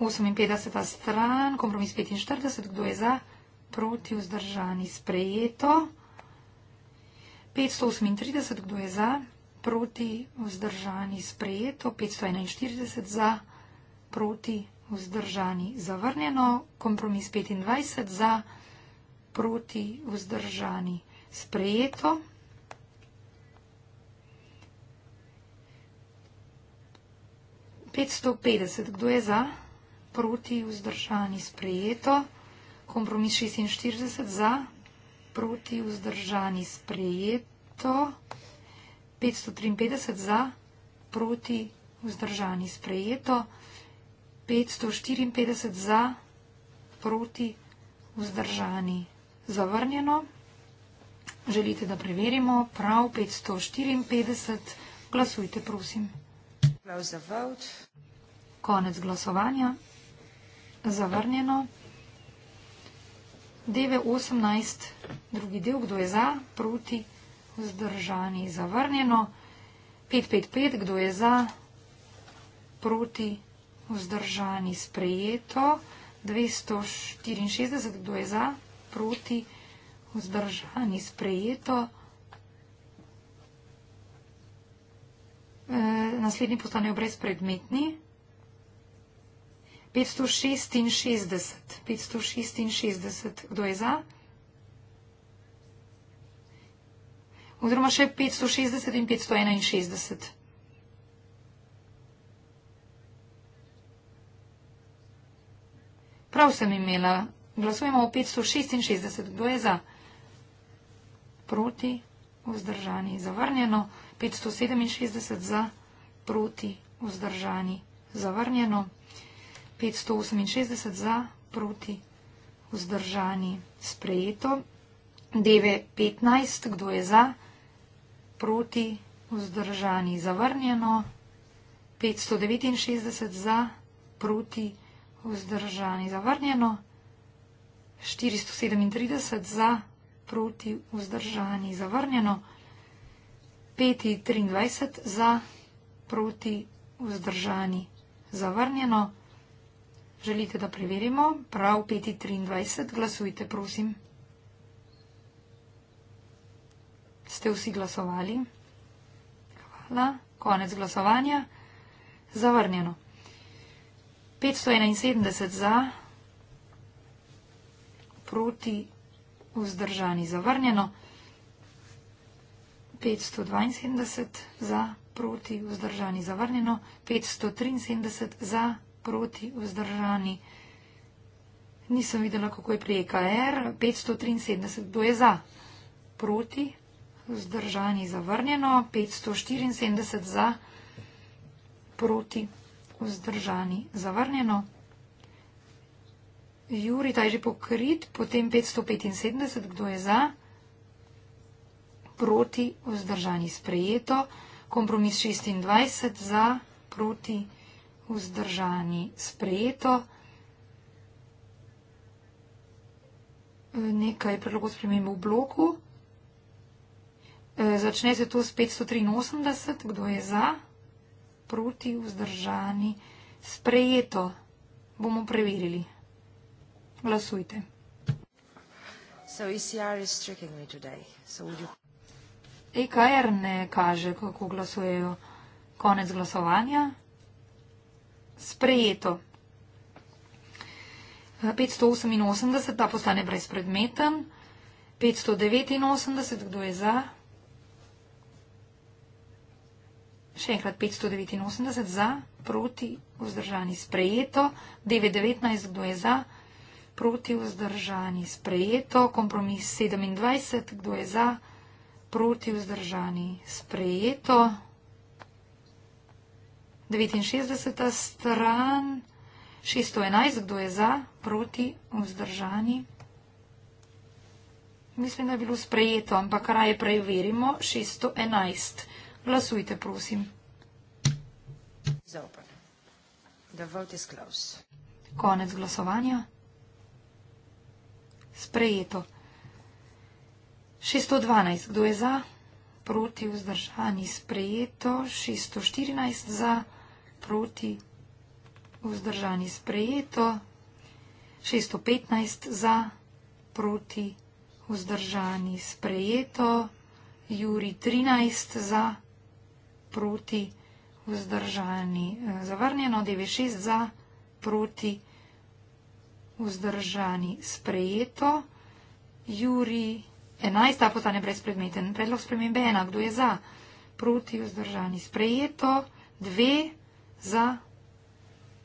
58 stran, kompromis 45, kdo je za, proti, vzdržani, sprejeto. 538, kdo je za, proti, vzdržani, sprejeto, 541 za, proti, vzdržani, zavrnjeno, kompromis 25 za, proti, vzdržani, sprejeto. Petsto petdeset, kdo je za, proti, vzdržani, sprejeto, kompromis šestinštirideset za proti vzdržani sprejeto, 553 za, proti vzdržani sprejeto, 554 za, proti vzdržani zavrnjeno. Želite, da preverimo prav 554? Glasujte, prosim. Konec glasovanja. Zavrnjeno. DV18, drugi del, kdo je za, proti, vzdržani, zavrnjeno. 555, kdo je za, proti, vzdržani, sprejeto. 264, kdo je za, proti, vzdržani, sprejeto. E, naslednji postanejo brezpredmetni. 566, 566, kdo je za? Oziroma še 560 in 561. Prav sem imela. Glasujemo o 566. Kdo je za? Proti, vzdržani, zavrnjeno. 567 za, proti, vzdržani, zavrnjeno. 568 za, proti vzdržani sprejeto. Deve 15, kdo je za, proti vzdržani zavrnjeno. 569 za, proti vzdržani zavrnjeno. 437 za, proti vzdržani zavrnjeno. 523 za, proti vzdržani zavrnjeno. Želite, da preverimo? Prav 5.23. Glasujte, prosim. Ste vsi glasovali? Hvala. Konec glasovanja. Zavrnjeno. 571 za, proti, vzdržani, zavrnjeno. 572 za, proti, vzdržani, zavrnjeno. 573 za, proti vzdržani. Nisem videla, kako je pri EKR 573, kdo je za, proti, vzdržani zavrnjeno, 574 za, proti, vzdržani zavrnjeno. Juri, ta je že pokrit, potem 575, kdo je za, proti, vzdržani sprejeto, kompromis 26 za, proti, vzdržani vzdržani, sprejeto. Nekaj predlogov spremem v bloku. Začne se to s 583, kdo je za, proti, vzdržani, sprejeto. Bomo preverili. Glasujte. EKR e ne kaže, kako glasujejo. Konec glasovanja sprejeto. 588, ta postane brezpredmeten. 589, kdo je za? Še enkrat 589 za, proti, vzdržani, sprejeto. 919, kdo je za? Proti, vzdržani, sprejeto. Kompromis 27, kdo je za? Proti, vzdržani, sprejeto. 69. stran, 611, kdo je za, proti, vzdržani. Mislim, da je bilo sprejeto, ampak raje preverimo. 611. Glasujte, prosim. Konec glasovanja. Sprejeto. 612. Kdo je za? Proti vzdržani. Sprejeto. 614 za proti, vzdržani sprejeto, 615 za, proti, vzdržani sprejeto, Juri 13 za, proti, vzdržani eh, zavrnjeno, 96 za, proti, vzdržani sprejeto, Juri 11, ta postane brezpredmeten, predlog spremembe 1, kdo je za, proti, vzdržani sprejeto, 2, za,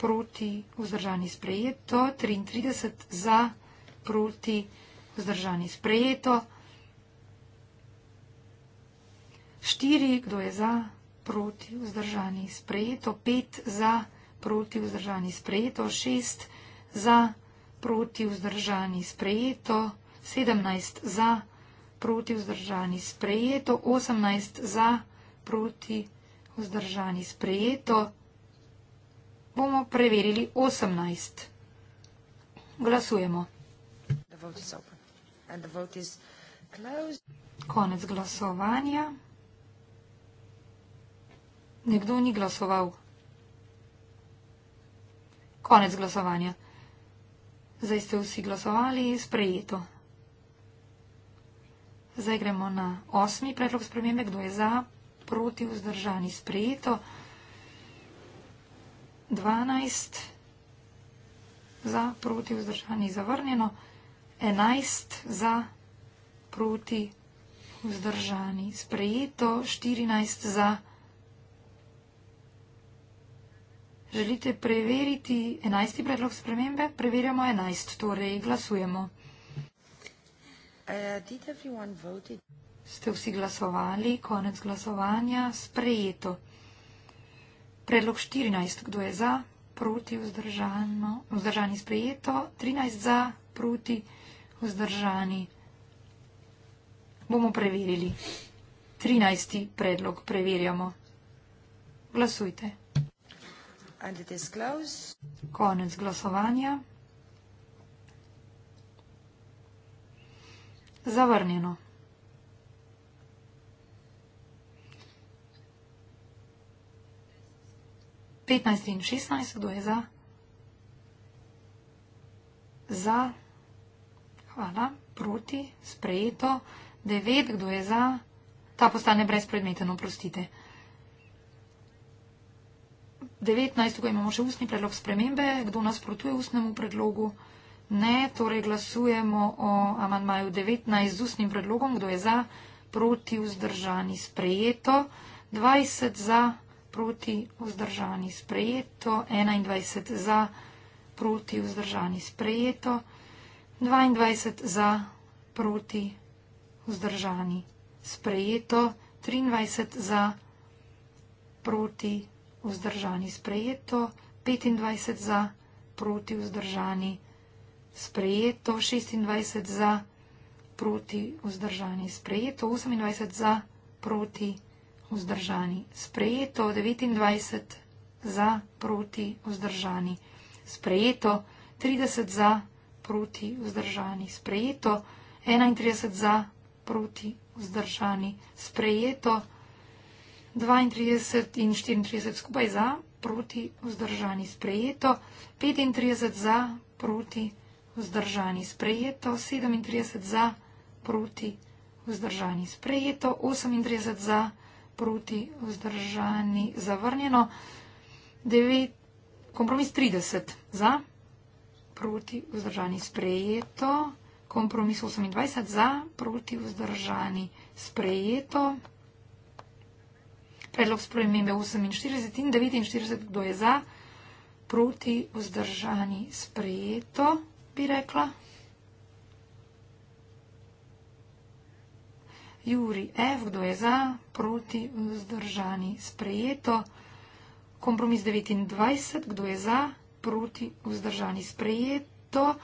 proti, vzdržani sprejeto, 33 za, proti, vzdržani sprejeto, 4, kdo je za, proti, vzdržani sprejeto, 5 za, proti, vzdržani sprejeto, 6 za, proti, vzdržani sprejeto, 17 za, proti, vzdržani sprejeto, 18 za, proti, vzdržani sprejeto, bomo preverili 18. Glasujemo. Konec glasovanja. Nekdo ni glasoval. Konec glasovanja. Zdaj ste vsi glasovali, sprejeto. Zdaj gremo na osmi predlog spremembe, kdo je za, proti, vzdržani, sprejeto. 12 za, proti vzdržanih zavrnjeno, 11 za, proti vzdržani sprejeto, 14 za. Želite preveriti 11. predlog spremembe? Preverjamo 11, torej glasujemo. Uh, Ste vsi glasovali, konec glasovanja, sprejeto. Predlog 14. Kdo je za, proti, vzdržano, vzdržani sprejeto? 13 za, proti, vzdržani. Bomo preverili. 13. predlog preverjamo. Glasujte. Konec glasovanja. Zavrnjeno. 15 in 16, kdo je za? Za. Hvala. Proti. Sprejeto. 9, kdo je za? Ta postane brezpredmeten, oprostite. 19, tukaj imamo še ustni predlog spremembe. Kdo nasprotuje ustnemu predlogu? Ne, torej glasujemo o amandmaju 19 z ustnim predlogom. Kdo je za? Proti vzdržani sprejeto. 20 za proti, vzdržani sprejeto, 21 za, proti, vzdržani sprejeto, 22 za, proti, vzdržani sprejeto, 23 za, proti, vzdržani sprejeto, 25 za, proti, vzdržani sprejeto, 26 za, proti, vzdržani sprejeto, 28 za, proti, vzdržani sprejeto vzdržani. Sprejeto 29 za, proti vzdržani. Sprejeto 30 za, proti vzdržani. Sprejeto 31 za, proti vzdržani. Sprejeto 32 in 34 skupaj za, proti vzdržani. Sprejeto 35 za, proti vzdržani. Sprejeto 37 za, proti vzdržani. Sprejeto 38 za, proti vzdržani proti vzdržani zavrnjeno. 9, kompromis 30 za, proti vzdržani sprejeto. Kompromis 28 za, proti vzdržani sprejeto. Predlog spremembe 48 in 49, kdo je za, proti vzdržani sprejeto, bi rekla. Juri F., kdo je za, proti, vzdržani, sprejeto. Kompromis 29, kdo je za, proti, vzdržani, sprejeto.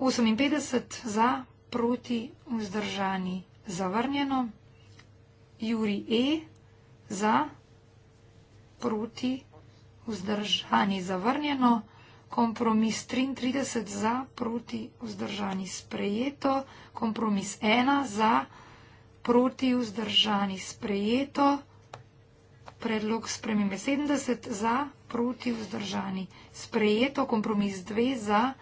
58 za, proti, vzdržani, zavrnjeno. Juri E. za, proti, vzdržani, zavrnjeno. Kompromis 33 za, proti, vzdržani, sprejeto. Kompromis 1 za, proti, vzdržani, sprejeto proti vzdržani sprejeto, predlog spremembe 70 za, proti vzdržani sprejeto, kompromis 2 za,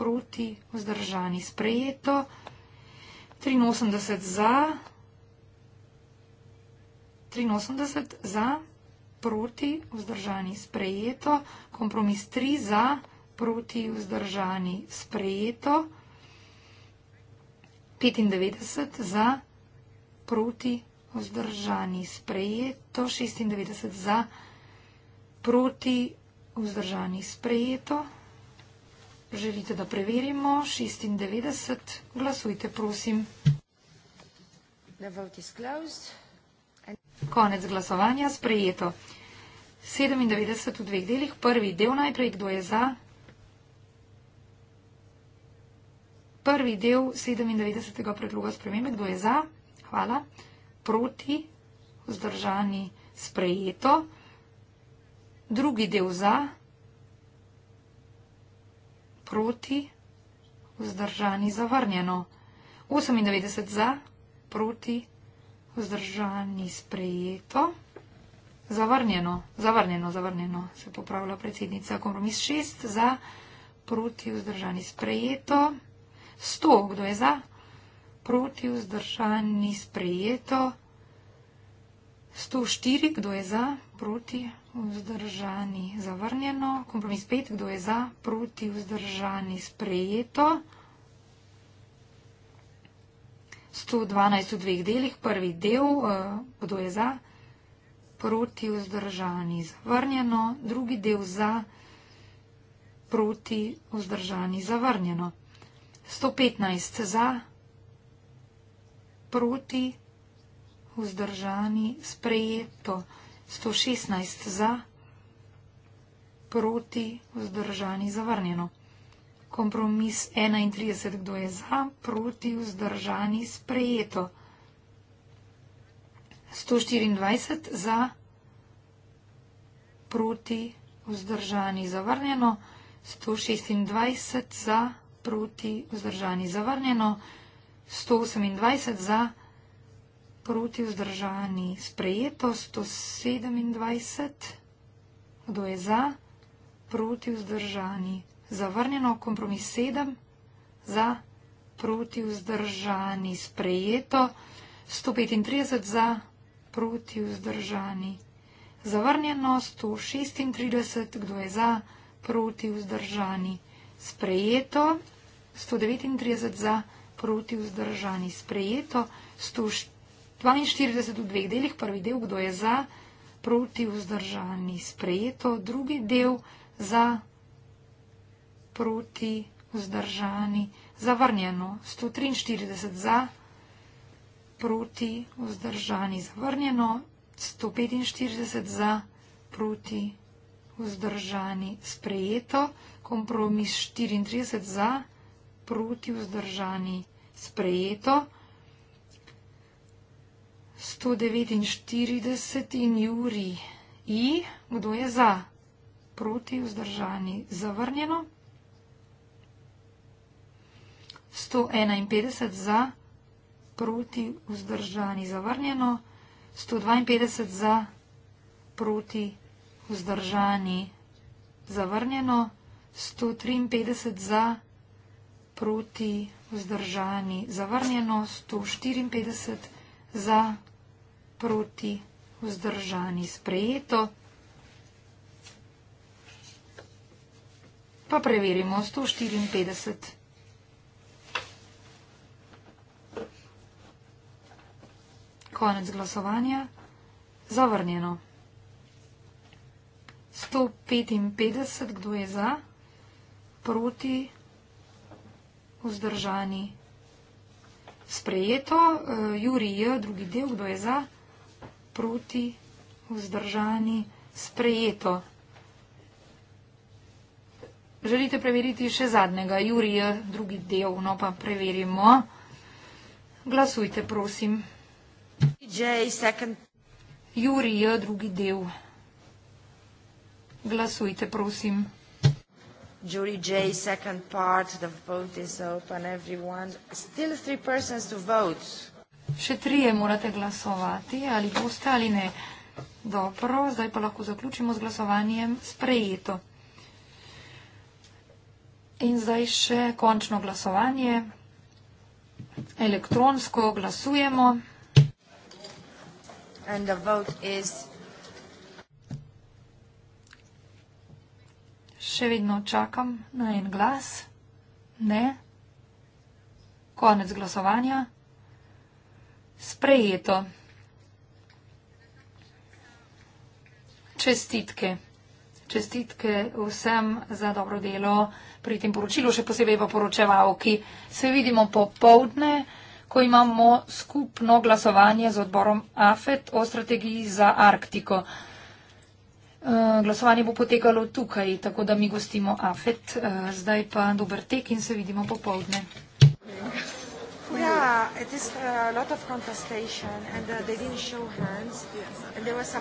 proti vzdržani sprejeto, 83 za, 83 za, proti vzdržani sprejeto, kompromis 3 za, proti vzdržani sprejeto, 95 za, proti vzdržani sprejeto, proti, vzdržani, sprejeto, 96 za, proti, vzdržani, sprejeto. Želite, da preverimo? 96. Glasujte, prosim. Konec glasovanja, sprejeto. 97 v dveh delih. Prvi del najprej, kdo je za? Prvi del 97. predloga spremembe, kdo je za? Hvala. Proti, vzdržani, sprejeto. Drugi del za, proti, vzdržani, zavrnjeno. 98 za, proti, vzdržani, sprejeto. Zavrnjeno, zavrnjeno, zavrnjeno, se popravlja predsednica. Kompromis 6 za, proti, vzdržani, sprejeto. 100, kdo je za? proti vzdržan ni sprejeto. 104, kdo je za, proti vzdržani zavrnjeno. Kompromis 5, kdo je za, proti vzdržani sprejeto. 112 v dveh delih, prvi del, eh, kdo je za, proti vzdržani zavrnjeno, drugi del za, proti vzdržani zavrnjeno. 115 za, proti, vzdržani, sprejeto. 116 za, proti, vzdržani, zavrnjeno. Kompromis 31, kdo je za, proti, vzdržani, sprejeto. 124 za, proti, vzdržani, zavrnjeno. 126 za, proti, vzdržani, zavrnjeno. 128 za, proti vzdržani sprejeto, 127, kdo je za, proti vzdržani zavrnjeno, kompromis 7 za, proti vzdržani sprejeto, 135 za, proti vzdržani zavrnjeno, 136, kdo je za, proti vzdržani sprejeto, 139 za, proti vzdržani. Sprejeto 142 v dveh delih. Prvi del, kdo je za, proti vzdržani. Sprejeto drugi del, za, proti vzdržani. Zavrnjeno 143 za, proti vzdržani. Zavrnjeno 145 za, proti vzdržani. Sprejeto kompromis 34 za proti vzdržani sprejeto. 149 in juri i, kdo je za, proti vzdržani zavrnjeno. 151 za, proti vzdržani zavrnjeno. 152 za, proti vzdržani zavrnjeno. 153 za, proti vzdržani zavrnjeno proti, vzdržani, zavrnjeno 154, za, proti, vzdržani, sprejeto. Pa preverimo 154. Konec glasovanja. Zavrnjeno. 155, kdo je za? Proti vzdržani. Sprejeto, e, Juri J, drugi del, kdo je za, proti, vzdržani, sprejeto. Želite preveriti še zadnjega, Juri J, drugi del, no pa preverimo. Glasujte, prosim. Juri J, drugi del. Glasujte, prosim. Jury J, second part, the vote is open, everyone. Still three persons to vote. Še trije morate glasovati, ali boste ali ne. Dobro, zdaj pa lahko zaključimo z glasovanjem sprejeto. In zdaj še končno glasovanje. Elektronsko glasujemo. And the vote is še vedno čakam na en glas. Ne. Konec glasovanja. Sprejeto. Čestitke. Čestitke vsem za dobro delo pri tem poročilu, še posebej pa poročevalki. Se vidimo popovdne, ko imamo skupno glasovanje z odborom AFET o strategiji za Arktiko. Eh, glasovanje bo potekalo tukaj, tako da mi gostimo Afet. Uh, zdaj pa dober tek in se vidimo popovdne. Yeah, it is a lot of contestation and uh, they didn't show hands. Yes. And there was some